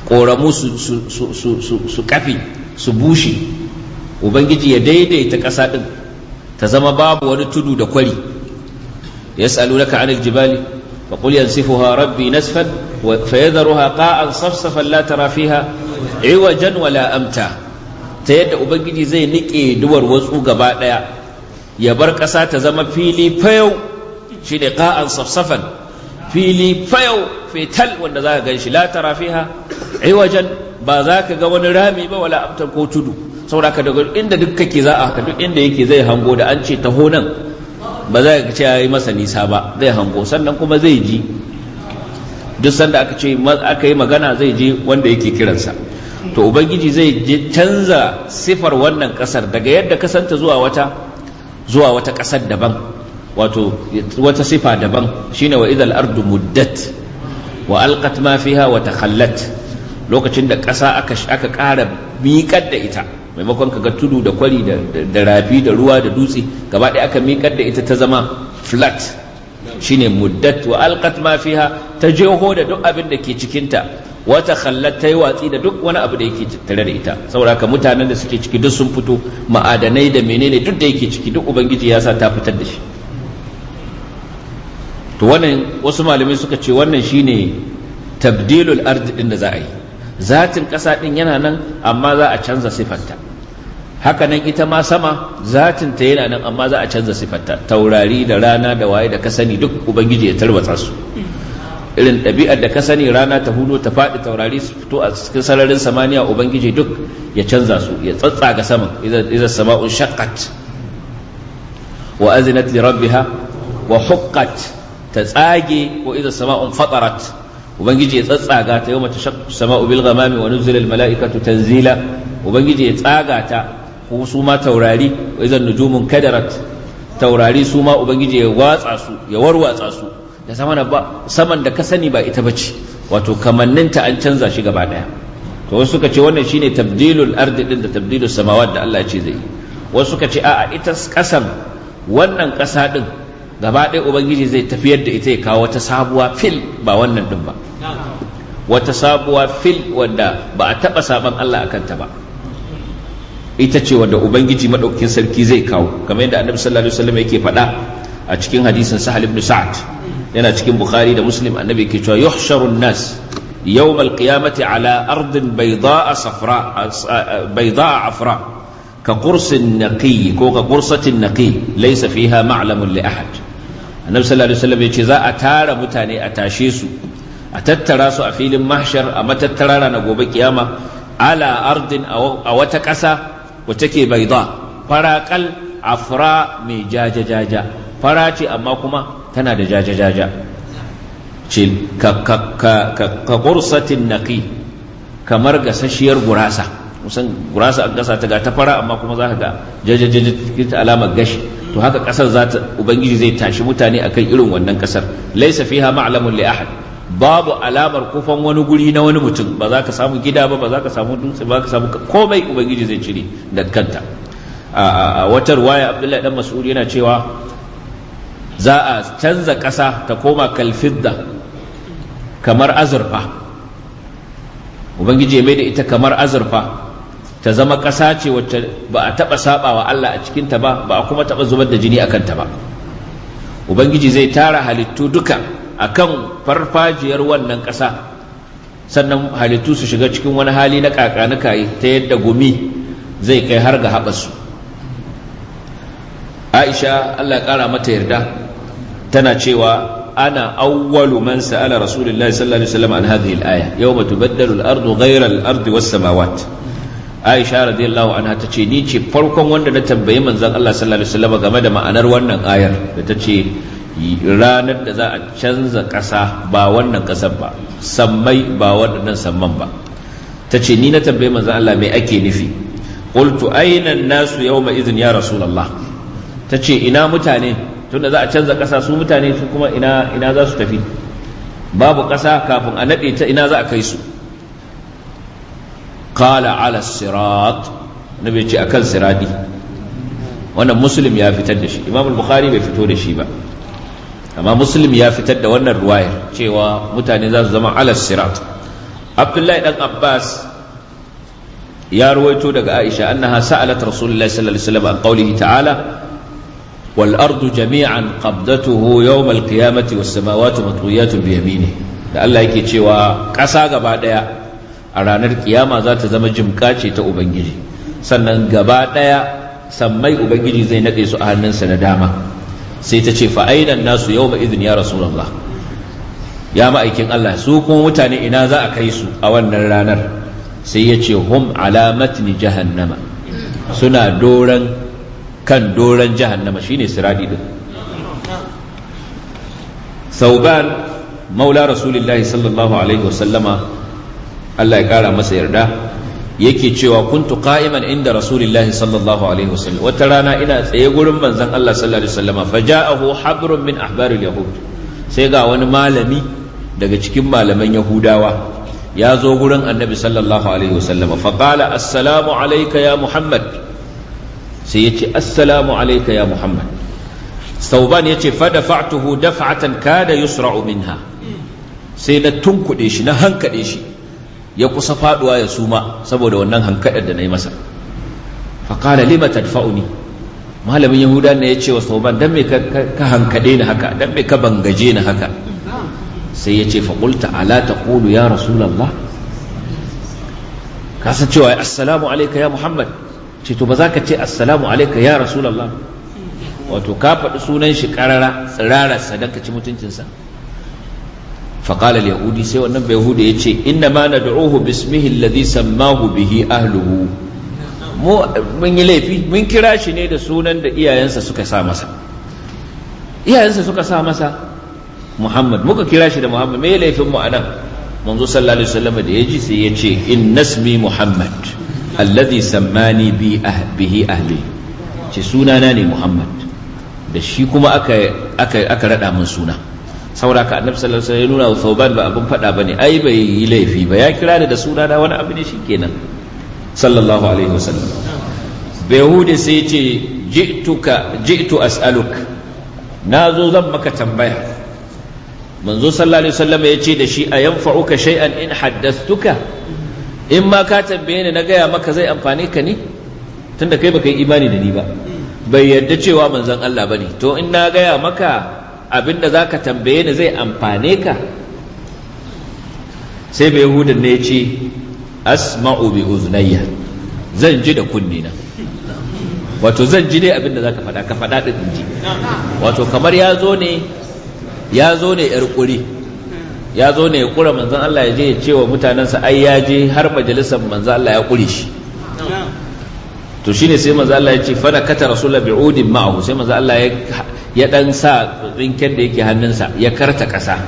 koramu su kafi. su bushe ubangiji ya daidaita ƙasa ɗin ta zama babu wani tudu da kwari yas'alunaka anil jibali فقل ينسفها ربي نسفا فيذرها قاعا صفصفا لا ترى فيها عوجا ولا amta. ta yadda ubangiji zai niƙe duwar wasu gaba ɗaya ya bar ƙasa ta zama fili fayau shi ne ƙa'an safsafan fili fayau fetal wanda za ka gan shi la tara fiha wajen ba za ka ga wani rami ba wala amtan ko tudu saboda ka daga inda duk kake za a duk inda yake zai hango da an ce taho nan ba za ka ce yayi masa nisa ba zai hango sannan kuma zai ji duk sanda aka ce aka yi magana zai ji wanda yake kiransa to ubangiji zai canza sifar wannan kasar daga yadda kasanta zuwa wata zuwa wata kasar daban wato wata sifa daban shine wa idal ardu muddat wa alqat ma fiha wa takhallat lokacin da ƙasa aka aka ƙara miƙar da ita maimakon kaga tudu da kwari da rafi da ruwa da dutse gaba ɗaya aka miƙar da ita ta zama flat shine muddat wa alqat ma fiha ta jeho da duk abin da ke cikinta wata khallat ta yi watsi da duk wani abu da yake tattare da ita saboda haka mutanen da suke ciki duk sun fito ma'adanai da menene duk da yake ciki duk ubangiji ya sa ta fitar da shi to wannan wasu malamai suka ce wannan shine tabdilul ardi din da za a yi zatin ƙasa din yana nan amma za a canza siffarta haka nan ita ma sama zatin ta yana nan amma za a canza siffarta taurari da rana da waye da ka sani duk ubangiji ya tarwatsa su irin ɗabi'ar da ka sani rana ta hudo ta faɗi taurari su fito a cikin sararin samaniya ubangiji duk ya canza su ya tsatsaga saman idan sama'un shakkat wa azinat li rabbiha wa huqqat ta tsage ko idza sama'un fatarat ubangiji ya tsatsaga ta yawma tashaqqu sama'u bil ghamami wa nuzila al mala'ikatu tanzila ubangiji ya tsaga ta ko su ma taurari wa idza nujumun kadarat taurari su ma ubangiji ya watsa su ya warwatsa su da saman ba saman da ka sani ba ita bace wato kamanninta an canza shi gaba daya to wasu suka ce wannan shine tabdilul ardi din da tabdilus samawat da Allah ya ce zai wasu suka ce a'a ita kasan wannan kasa din gaba ɗaya ubangiji zai tafiyar da ita ya kawo wata sabuwa fil ba wannan ɗin ba wata sabuwa fil wadda ba a taɓa saban Allah a kanta ba ita ce wadda ubangiji maɗaukin sarki zai kawo kamar yadda annabi sallallahu alaihi wasallam yake faɗa a cikin hadisin sahal ibn sa'ad yana cikin bukhari da muslim annabi yake cewa yuhsharun nas يوم القيامة على أرض ka صفراء بيضاء ko كقرص النقي كقرصة النقي ليس فيها معلم لأحد annabi sallallahu alaihi wasallam ya ce za a tara mutane a tashe su a tattara su a filin mahshar a matattara ranar gobe kiyama ala ardin a wata ƙasa wacce ke baida faraƙal afra mai jaja-jaja fara ce amma kuma tana da jaja-jaja ce ka ƙursatin naƙi kamar gasasshiyar gurasa musan gurasa an gasa ta ga ta fara amma kuma za ka ga jajajajen alamar gashi to haka kasar za ta ubangiji zai tashi mutane akan irin wannan kasar laisa fiha ma'lamun li ahad babu alamar kufan wani guri na wani mutum ba za ka samu gida ba ba za ka samu dutse ba ka samu komai ubangiji zai cire da kanta a wata ruwaya abdullahi dan mas'ud yana cewa za a canza ƙasa ta koma kalfidda kamar azurfa ubangiji ya mai da ita kamar azurfa ta zama ƙasa ce wacce ba a taɓa saɓa wa Allah a cikinta ba ba a kuma taɓa zubar da jini a kanta ba ubangiji zai tara halittu duka a kan farfajiyar wannan ƙasa sannan halittu su shiga cikin wani hali na kakanikaye ta yadda gumi zai kai har ga haɓarsu. aisha Allah ƙara mata yarda tana cewa ana awwalu man sa'ala rasulullahi sallallahu alaihi wasallam an hadhihi al-aya yawma tubaddalu al-ardu ghayra al-ardi was aisha radiyallahu anha ta ce ni ce farkon wanda na tambayi manzon Allah sallallahu alaihi wasallam game da ma'anar wannan ayar da ta ce ranar da za a canza ƙasa ba wannan ƙasar ba sammai ba waɗannan samman ba ta ce ni na tambayi manzon Allah mai ake nufi qultu aina nasu yawma idhin ya rasulullah ta ce ina mutane tunda za a canza ƙasa su mutane su kuma ina ina za su tafi babu ƙasa kafin a naɗe ta ina za a kai su qala ala sirat nabi ce akan siradi wannan muslim ya fitar da shi imam bukhari bai fito da shi ba amma muslim ya fitar da wannan ruwayar cewa mutane za su zama ala sirat abdullahi dan abbas ya ruwaito daga aisha annaha sa'alat rasulullahi sallallahu alaihi wasallam qawlihi ta'ala wal jami'an qabdatuhu yawm al qiyamati was yamini da Allah yake cewa ƙasa gaba ɗaya. a ranar kiyama za ta zama jimka ce ta ubangiji sannan gaba ɗaya sammai ubangiji zai naɗe su a hannunsa na dama sai ta ce fa'ainan nasu yau ma izini ya rasulallah ya ma'aikin Allah su kuma mutane ina za a kai su a wannan ranar sai ya ce hum alamatni jahannama suna doran kan doran jahannama shine siradi din sauban maula rasulillahi sallallahu alaihi wasallama Allah ya kara masa yarda yake cewa kuntu qa'iman inda rasulillahi sallallahu alaihi wasallam wata rana ina tsaye gurin manzon Allah sallallahu alaihi wasallam faja'ahu habrun min ahbaril yahud sai ga wani malami daga cikin malaman yahudawa ya zo gurin annabi sallallahu alaihi wasallam fa qala assalamu alayka ya muhammad sai yace assalamu alayka ya muhammad sauban yace fa dafa'tuhu daf'atan kada yusra'u minha sai na tunkuɗe shi na hankaɗe shi ya kusa faduwa ya suma saboda wannan hankadar da na yi masa faƙala lima tadfa'uni malamin yahuda ne ya ce wa sauman don me ka hankade ni haka don me ka bangaje ni haka sai ya ce faƙulta ala ta ƙulu ya rasulallah ka san cewa assalamu alaika ya muhammad ce to ba za ka ce assalamu alaika ya rasulallah wato ka faɗi sunan shi ƙarara tsirararsa don ka ci mutuncinsa فقال اليهودي سوى النبي يهودي يتشي إنما ندعوه باسمه الذي سماه به أهله mu mun yi laifi mun kira shi ne da sunan da iyayensa suka sa masa iyayensa suka sa masa Muhammad muka kira shi da Muhammad me laifin mu anan manzo sallallahu alaihi wasallam da yaji sai ya ce inna ismi Muhammad alladhi sammani bi bihi ahli ce sunana ne Muhammad da shi kuma aka aka aka rada min suna saboda ka annabi sallallahu alaihi wasallam ya nuna wa thauban ba abin fada bane ai bai yi laifi ba ya kira da suna da wani abu ne shikenan sallallahu alaihi wasallam bayhude sai ce ji'tuka ji'tu as'aluk na zo zan maka tambaya manzo sallallahu alaihi wasallam ya ce da shi a yanfa'uka shay'an in haddathtuka in ma ka tambaye ni na gaya maka zai amfane ka ne tunda kai baka yi imani da ni ba bai yarda cewa manzon Allah bane to in na gaya maka da za ka tambaye ni zai amfane ka sai bai hudun ne ce asma'u bi uznayya zan ji da kunni na wato zan ji dai da za ka faɗa ka faɗa ɗin ji wato kamar ya zo ne ya zo ne yar ƙuri ya zo ne ya ƙura manzan Allah ya je ya ce wa mutanensa ai ya je har majalisar manzan Allah ya kure shi to shine sai manzan Allah ya ce fana kata rasulullah bi'udin ma'ahu sai manzan Allah ya ya ɗan sa tsinken da yake hannunsa ya karta ƙasa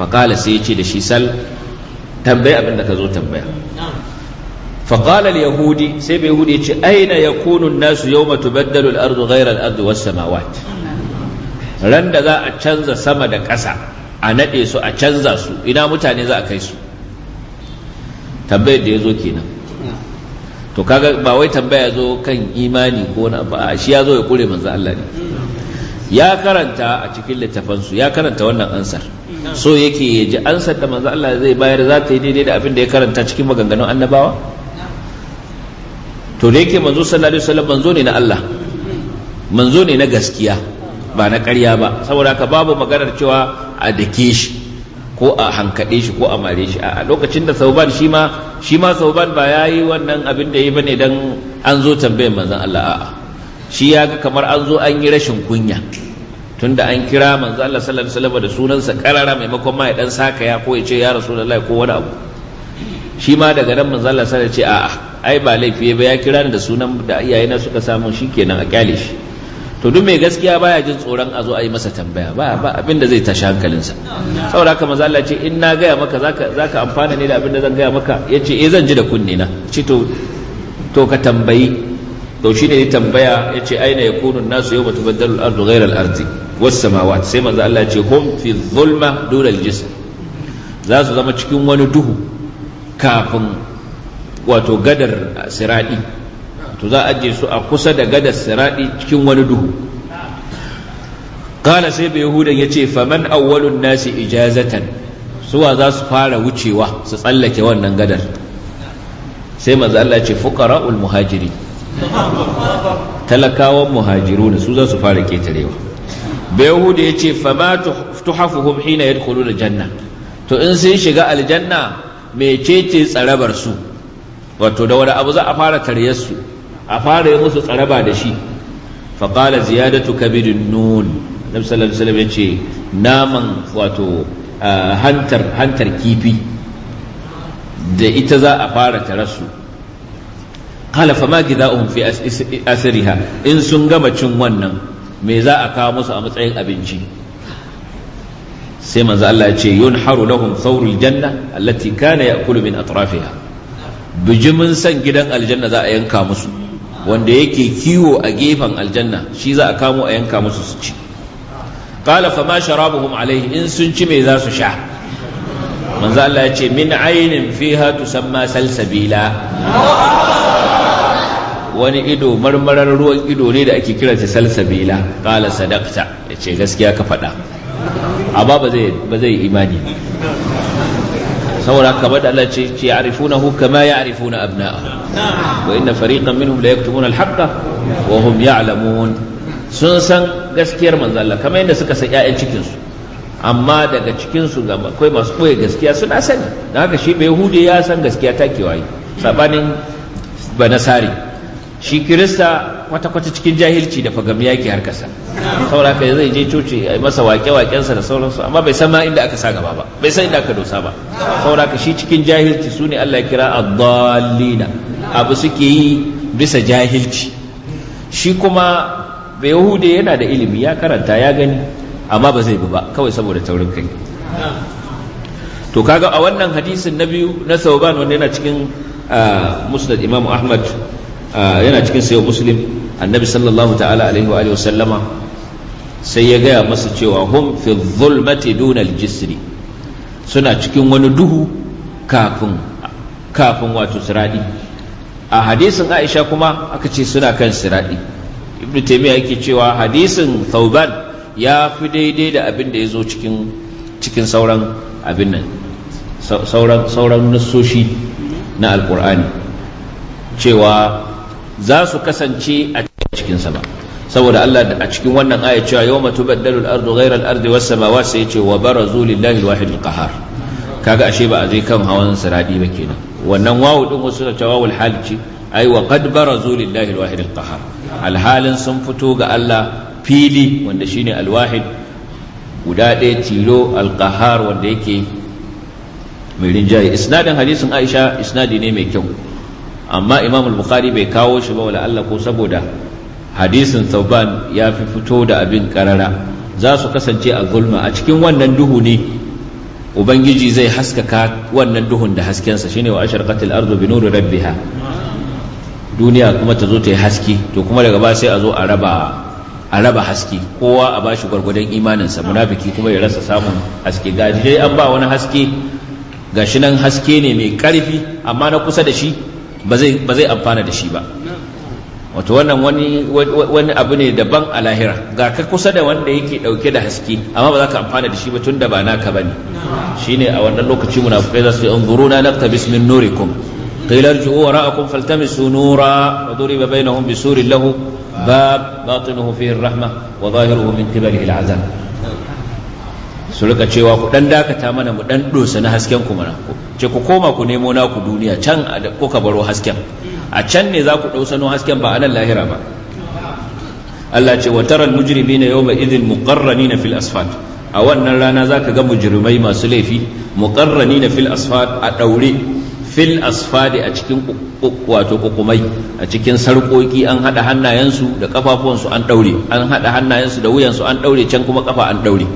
faƙala sai ya ce da shi sal tambaya abin da ka zo tambaya ya sai فقال اليهودي سيب يهودي أين يكون الناس يوم تبدل الأرض غير الأرض والسماوات ran da za a canza sama da ƙasa a naɗe su a canza su ina mutane za a kai su tambayar da ya zo kenan to kaga ba wai tambaya zo kan imani ko na abu a shi ya zo ya kure manzo Allah ne ya karanta a cikin littafansu ya karanta wannan ansar so yake ya ji ansar da manzo Allah zai bayar za ta yi daidai da abin da ya karanta cikin maganganun annabawa to da yake manzo sallallahu alaihi wasallam manzo ne na Allah manzo ne na gaskiya ba na karya ba saboda ka babu maganar cewa a dake shi ko a hankade shi ko a mare shi a lokacin da sauban shi ma shi sauban ba ya yi wannan abin da yi bane dan an zo tambayar manzon Allah a'a shi ya ga kamar an zo an yi rashin kunya tunda an kira manzo Allah sallallahu alaihi wasallam da sunansa karara maimakon ma ya dan saka ya ko ya ce ya rasulullahi ko wani abu shi ma daga nan manzo Allah sallallahu alaihi wasallam ce a'a ai ba laifi ba ya kira ni da sunan da na suka samu shikenan a kyale shi to duk mai gaskiya baya jin tsoron a zo a yi masa tambaya ba ba abin da zai tashi hankalinsa saboda haka manzo Allah ce in na gaya maka zaka zaka amfana ne da abin da zan gaya maka yace eh zan ji da kunne na ce to to ka tambayi to shi ne tambaya ya ce aina ya kunun nasu yau mutu baddalul ardu ghaira al ardi was samawat sai manzo Allah ce hum fi dhulma dura al za su zama cikin wani duhu kafin wato gadar siraɗi to za a je su a kusa da gadar siraɗi cikin wani duhu Kala sai bai yahudan ya ce faman awwalun nasi ijazatan suwa za su fara wucewa su tsallake wannan gadar sai manzo Allah ya ce fuqara al talakawan muhajiru da su za su fara ketarewa bayahuda ya ce fa ma tuhafuhum hina yadkhuluna janna to in sun shiga aljanna mecece tsarabar su wato da wani abu za a fara karyar su a fara yi musu tsaraba da shi fa qala ziyadatu kabidin nun nabi sallallahu alaihi wasallam yace naman wato ah, hantar hantar kifi da ita za a fara tarasu qala fama gida'uhum fi asriha in sun gama cin wannan me za a kawo musu a matsayin abinci sai manzo Allah ya ce yunharu lahum thawrul janna allati kana ya'kulu min atrafiha bijimin san gidan aljanna za a yanka musu wanda yake kiwo a gefen aljanna shi za a kamo a yanka musu su ci qala fama sharabuhum alaihi in sun ci me za su sha manzo Allah ya ce min ainin fiha tusamma salsabila wani ido marmarar ruwan ido ne da ake kiranta salsabila qala sadaqta yace gaskiya ka faɗa amma ba zai ba zai imani saboda haka da Allah ce arifuna hu kama arifuna abna'ahum wa inna fariqan minhum la yaktubuna alhaqqa wa hum ya'lamun sun san gaskiyar manzo Allah kamar yadda suka san ƴaƴan cikin su amma daga cikin su ga akwai masu koyi gaskiya suna sani da haka shi bai hude ya san gaskiya ta kewaye sabanin banasari shi kirista kwata-kwata cikin jahilci da fagam yaki har kasa saura zai je coci a masa wake-wakensa da sauransu amma bai san inda aka sa gaba ba bai san inda aka dosa ba saura ka shi cikin jahilci su ne Allah ya kira abu suke yi bisa jahilci shi kuma bai hude yana da ilimi ya karanta ya gani amma ba zai bi ba kawai saboda taurin kai to kaga a wannan hadisin na biyu na sauban wanda yana cikin ah, musnad imam ahmad Ah, yana cikin sayo muslim annabi sallallahu ta'ala alaihi wa sallama sai ya gaya masa cewa hum fi zulmati dunal jisri suna cikin wani duhu kafin kafin wato siradi a hadisin aisha kuma aka ce suna kan siradi ibnu taymiya yake cewa hadisin thauban ya fi daidai da abin da ya zo cikin cikin sauran abin nan sauran sauran nassoshi na alkur'ani cewa za su kasance a cikin sama. saboda Allah a cikin wannan aya cewa yawma tubaddalu al-ardu ghayra al-ardi was samawati sai ce wa barazu lillahi al-wahid al-qahar kaga ashe ba a zai kan hawan siradi ba kenan wannan wawu din wasu da tawawul hal ce ai wa qad barazu lillahi al-wahid al-qahar alhalin sun fito ga Allah fili wanda shine al-wahid guda ɗaya tilo al-qahar wanda yake mai rinjaye isnadin hadisin Aisha isnadi ne mai kyau amma imam al-bukhari bai kawo shi ba wala Allah ko saboda hadisin sauban ya fi fito da abin karara za su kasance a gulma a cikin wannan duhu ne ubangiji zai haskaka wannan duhun da haskensa shine wa asharqatil ardu bi nuri rabbiha duniya kuma ta zo ta yi haske to kuma daga ba sai a zo a raba a raba haske kowa a bashi gwargwadon imaninsa munafiki kuma ya rasa samun haske gaji dai an ba wani haske gashi nan haske ne mai karfi amma na kusa da shi ba zai amfana da shi ba wato wannan wani wani abu ne daban a lahira ga ka kusa da wanda yake dauke da haske amma ba za ka amfana da shi ba tunda ba naka bane shine a wannan lokaci muna munafikai za su yi na nakta min nurikum qila irji'u wara'akum faltamisu nura wa duriba bainahum bisurin lahu bab batinuhu fihi ar-rahma wa zahiruhu min qibalihi al-'azab su rika cewa ku dan dakata mana mu dan dosa na hasken ku mana ce ku koma ku nemo naku duniya can kuka baro hasken a can ne za ku ɗausano hasken ba a nan lahira ba Allah ce wa taral mujrimina yawma idhin muqarranina fil asfal a wannan rana zaka ga mujrimai masu laifi muqarranina fil asfal a daure fil asfali a cikin wato kukumai a cikin sarƙoƙi an haɗa hannayensu da ƙafafuwansu an ɗaure an haɗa hannayensu da wuyansu an ɗaure can kuma ƙafa an ɗaure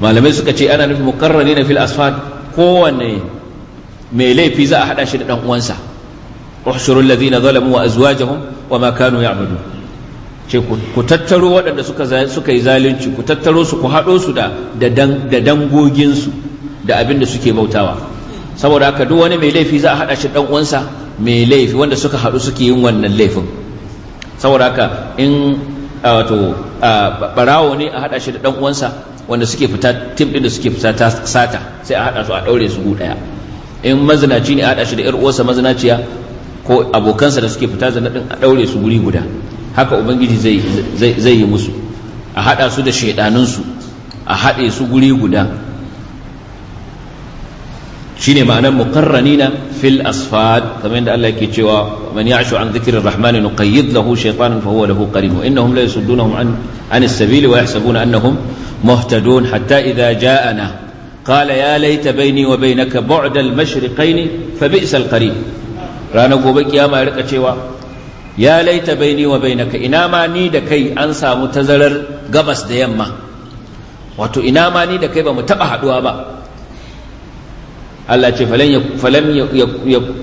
malamai suka ce ana nufin mukarrani na fil asfad kowanne mai laifi za a hada shi da dan uwansa uhshurul ladina zalamu wa azwajahum wa ma kanu ya'malu ce ku tattaro waɗanda suka suka yi zalunci ku tattaro su ku haɗo su da da dangogin su da abin da suke bautawa saboda haka duk wani mai laifi za a hada shi dan uwansa mai laifi wanda suka haɗu suke yin wannan laifin saboda haka in wato barawo ne a hada shi da dan uwansa wanda suke fita tim din da suke fita ta sata sai a hada su a daure su gu in mazinaci ne a hada shi da yar uwarsa mazinaciya ko abokansa da suke fita zana din a daure su guri guda haka ubangiji zai yi musu a hada su da su, a haɗe su guri guda shine ma'anar muqarranina fil asfad kamar yadda Allah yake cewa man ya'shu an dhikrir rahman nuqayyid lahu shaytanan fa huwa lahu qarin wa innahum la yasuddunahum an an as-sabil wa yahsabuna annahum muhtadun hatta idha ja'ana qala ya laita baini wa bainaka bu'da al-mashriqayn fa bi'sa al-qarin ranar gobe kiyama ya rika cewa ya laita baini wa bainaka ina ma ni da kai an samu tazarar gabas da yamma wato ina ma ni da kai ba mu taba haduwa ba Allah ce falan falan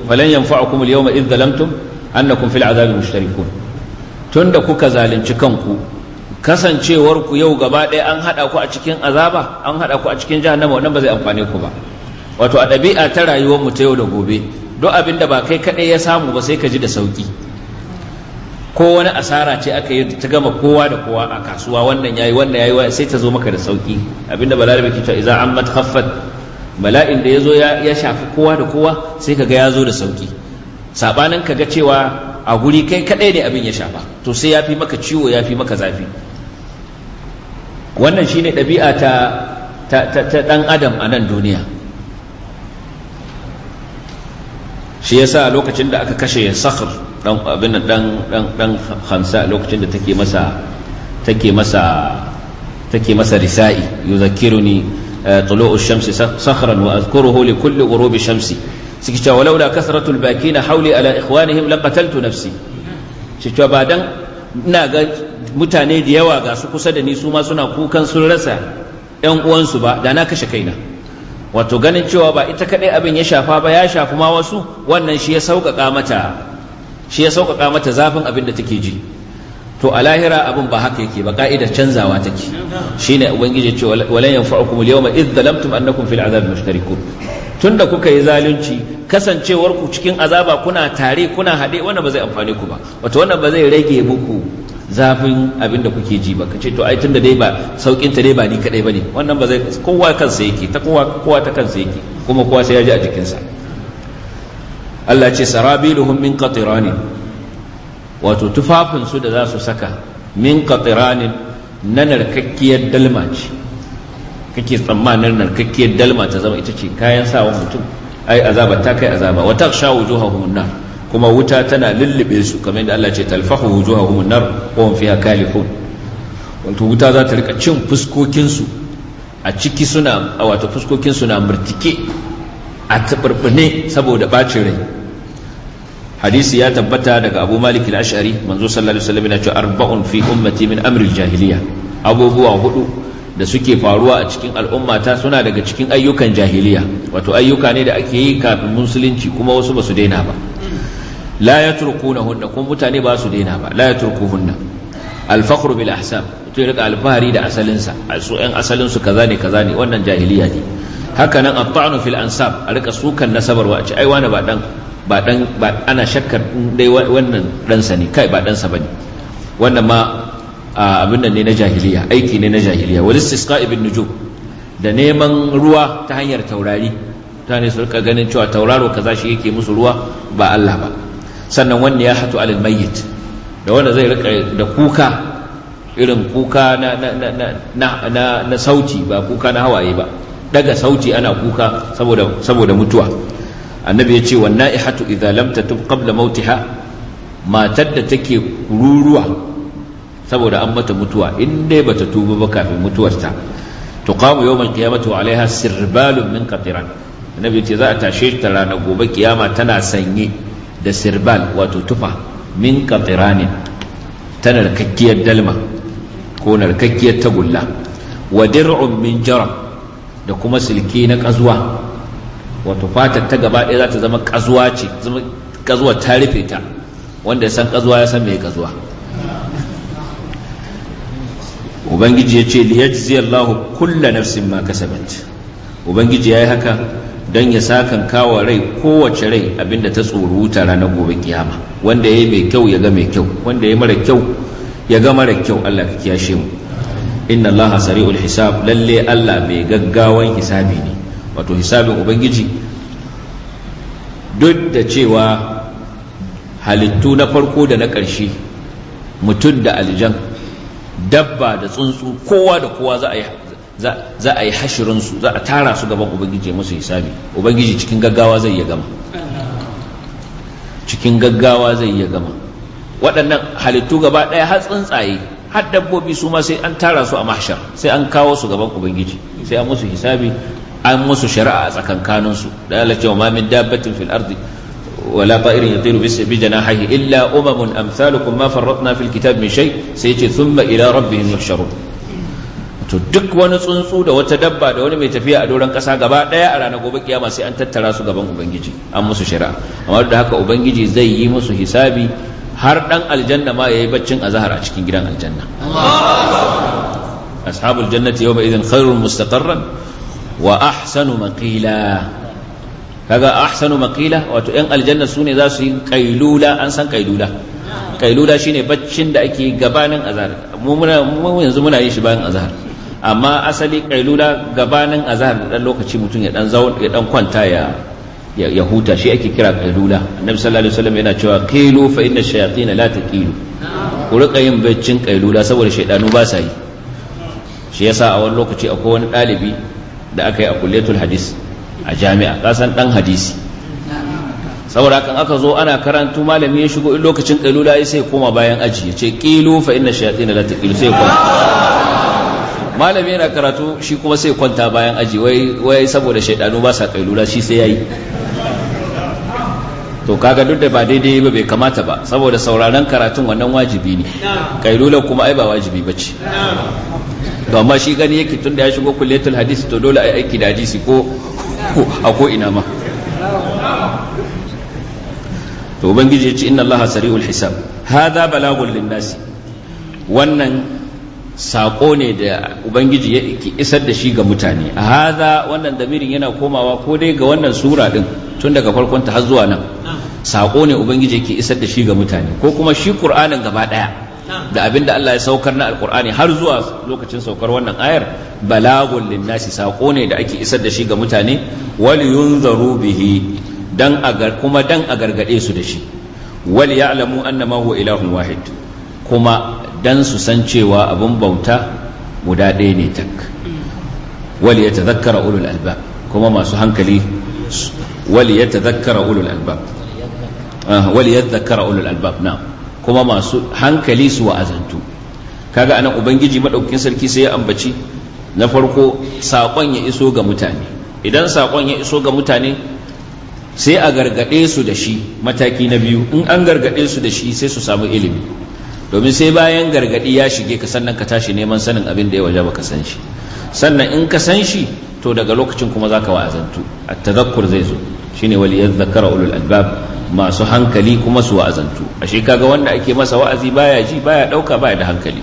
falan yanfa'ukum al-yawma zalamtum annakum fil azabi mushtarikun tunda kuka zalunci kanku kasancewar ku yau gaba ɗaya an haɗa ku a cikin azaba an haɗa ku a cikin jahannama wannan ba zai amfane ku ba wato a ɗabi'a ta rayuwar mu ta yau da gobe duk abin da ba kai kaɗai ya samu ba sai ka ji da sauki ko wani asara ce aka yi ta gama kowa da kowa a kasuwa wannan yayi wannan yayi sai ta zo maka da sauki abinda balarabe ke cewa idza ammat khaffat bala'in da ya zo ya shafi kowa da kowa sai ka ga ya zo da sauki ka ga cewa a guri kai kaɗai ne abin ya shafa to sai ya fi maka ciwo ya fi maka zafi wannan shine ɗabi'a ta ta, dan adam a nan duniya shi yasa lokacin da aka kashe sakhar dan abin dan dan dan hamsa lokacin da take masa take masa take masa risa'i yuzakiruni طلوع wa صخرا واذكره لكل غروب شمس سكتا ولولا كثرة الباكين حولي على اخوانهم لقتلت نفسي ba بعدن ina ga mutane da yawa ga su kusa da ni su ma suna kukan sun rasa yan uwansu ba da na kashe kaina wato ganin cewa ba ita kadai abin ya shafa ba ya shafi ma wasu wannan shi ya sauƙaƙa mata mata zafin abin da take ji to a lahira abin ba haka yake ba ka'idar canzawa take shine ubangiji ce walan yanfa'ukum al-yawma idh zalamtum annakum fil azab mushtarikun tunda kuka yi zalunci kasancewar ku cikin azaba kuna tare kuna haɗe wannan ba zai amfane ku ba wato wannan ba zai rage muku zafin abin da kuke ji ba kace to ai tunda dai ba saukin ta dai ba ni kadai bane wannan ba zai kowa kansa yake ta kowa kowa ta kansa yake kuma kowa sai ya ji a jikinsa Allah ce sarabiluhum min qatirani wato tufafinsu da za su saka min katiranin na narkakkiyar dalma ce kake tsammanin narkakkiyar dalma ta zama ita ce kayan sawa mutum ai azaba ta kai azaba wa taksha wujuhahum nar kuma wuta tana lullube su kamar yadda Allah ce talfahu wujuhahum nar wa hum fiha kalihun wato wuta za ta rika cin fuskokin su a ciki suna wato fuskokin su na murtike a tabarbune saboda bacin rai hadisi ya tabbata daga abu malik al-ash'ari manzo sallallahu alaihi wasallam cewa arba'un fi ummati min amri jahiliya abubuwa hudu da suke faruwa a cikin al'ummata suna daga cikin ayyukan jahiliya wato ayyuka ne da ake yi kafin musulunci kuma wasu ba su daina ba la yatrkunahunna kuma mutane ba su daina ba la yatrukuhunna al-fakhru bil ahsab to ya rika alfahari da asalinsa su yan asalin su kaza ne kaza ne wannan jahiliya ne haka nan at-ta'nu fil ansab a rika sukan nasabar a ci ai wani ba dan ba dan ba ana shakkar dai wannan ɗansa ne kai ba ɗansa ba ne wannan ma abin nan ne na jahiliya aiki ne na jahiliya wal istisqa ibn nujum da neman ruwa ta hanyar taurari ne su rika ganin cewa tauraro kaza shi yake musu ruwa ba Allah ba sannan wanda ya hatu alal mayyit da wanda zai rika da kuka irin kuka na na na na na sauti ba kuka na hawaye ba daga sauti ana kuka saboda saboda mutuwa annabi ya ce wannan ihatu idza lam tatub qabla mautiha matar da take ruruwa saboda an mata mutuwa in dai bata tuba ba kafin mutuwarta tuqamu yawmal qiyamati wa alaiha sirbalun min qatiran annabi ce za a tashe ta ranar gobe kiyama tana sanye da sirbal wato tufa min qatiranin tana da dalma ko narkakkiyar tagulla wa dir'un min jara da kuma silke na kazuwa wato fatar ta gaba ɗaya za ta zama kazuwa ce kazuwa ta rufe ta wanda ya san kazuwa ya san mai kazuwa ubangiji ya ce zai Allahu kulla nafsin ma kasabat ubangiji ya yi haka don ya sakan kawo rai kowace rai abinda ta tsoro wuta ranar gobe kiyama wanda ya yi mai kyau ya ga mai kyau wanda yi mara kyau ya ga mara kyau Allah ka kiyashe mu inna Allaha sari'ul hisab lalle Allah mai gaggawan hisabi ne wato hisabin ubangiji duk da cewa halittu na farko da na ƙarshe mutum da aljan dabba da tsuntsu kowa da kowa za a yi za a yi hashirinsu za a tara su gaban ubangiji musu hisabi ubangiji cikin gaggawa zai iya gama cikin gaggawa zai iya gama waɗannan halittu gaba ɗaya har tsuntsaye har dabbobi su ma sai an tara su a mahshar sai an kawo su gaban ubangiji sai an musu hisabi an musu shari'a a tsakankaninsu da ala cewa ma min dabbatin fil ardi wala ta'irin yatiru bi bi janahihi illa umamun amsalukum ma farratna fil kitab min shay sai yace thumma ila rabbihim yuhsharun to duk wani tsuntsu da wata dabba da wani mai tafiya a doron kasa gaba daya a ranar gobe kiyama sai an tattara su gaban ubangiji an musu shari'a amma da haka ubangiji zai yi musu hisabi har dan aljanna ma yayi baccin azhar a cikin gidan aljanna ashabul jannati yawma idhin khairun mustaqarran wa ahsanu maqila kaga ahsanu maqila wato yan aljanna sune za su yi kailula an san kailula kailula shine baccin da ake gabanin azhar mu muna mu yanzu muna yin shi bayan azhar amma asali kailula gabanin azhar dan lokaci mutum ya dan zaun ya dan kwanta ya ya huta shi ake kira kailula annabi sallallahu alaihi wasallam yana cewa kailu fa inna shayatin la taqilu ku rika yin baccin kailula saboda shaydanu ba sa yi shi yasa a wani lokaci akwai wani dalibi da aka yi a kulletul hadis a jami'a kasan dan hadisi saboda kan aka zo ana karantu malami ya shigo in lokacin kalula ya sai koma bayan aji ya ce kilu fa inna shayatin la taqilu sai koma malami yana karatu shi kuma sai kwanta bayan aji wai wai saboda shaydanu ba sa kalula shi sai yayi to kaga duk da ba daidai ba bai kamata ba saboda sauraron karatun wannan wajibi ne kailula kuma ai ba wajibi ba ce to amma shi gani yake tunda ya shigo kulliyatul hadisi to dole ai aiki da hadisi ko a ko ina ma to ubangiji ya ce inna allaha sari'ul hisab hadha balagun linnasi wannan saƙo ne da ubangiji ya isar da shi ga mutane a haza wannan damirin yana komawa ko dai ga wannan sura din tun daga farkon ta har zuwa nan saƙo ne ubangiji yake isar da shi ga mutane ko kuma shi ƙur'anin gaba ɗaya da abin da Allah ya saukar na alqur'ani har zuwa lokacin saukar wannan ayar balagun linnasi saƙo ne da ake isar da shi ga mutane wal yunzaru bihi dan kuma dan a gargade su da shi wal ya'lamu annama huwa ilahun wahid kuma dan su san cewa abin bauta guda ɗaya ne tak Wali ya tazakkara ulul albab kuma masu hankali Wali ya tazakkara ulul albab ah, Wali ya tazakkara ulul albab na kuma masu hankali su wa'azantu kaga anan ubangiji madaukakin sarki sai ya ambaci na farko saƙon ya iso ga mutane idan saƙon ya iso ga mutane sai a gargaɗe su da shi mataki na biyu in an gargaɗe su da shi sai su samu ilimi domin sai bayan gargadi ya shige ka sannan ka tashi neman sanin abin da ya waje baka san shi sannan in ka san shi to daga lokacin kuma zaka wa'azantu at-tadhakkur zai zo shine wali yadhakkara ulul albab masu hankali kuma su wa'azantu ashe kaga wanda ake masa wa'azi baya ji baya dauka baya da hankali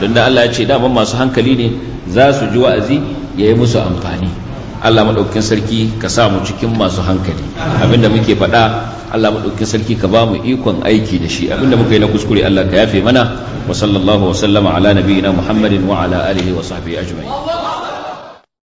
don da Allah ya ce daman masu hankali ne za su ji wa'azi ya yi musu amfani Allah maɗaukin sarki ka sa mu cikin masu hankali abinda muke faɗa Allah maɗaukin sarki ka ba mu ikon aiki da shi abinda muka yi na kuskure Allah ka yafe mana wa sallallahu wa sallama ala nabiyina Muhammadin wa ala alihi wa sahbihi ajma'in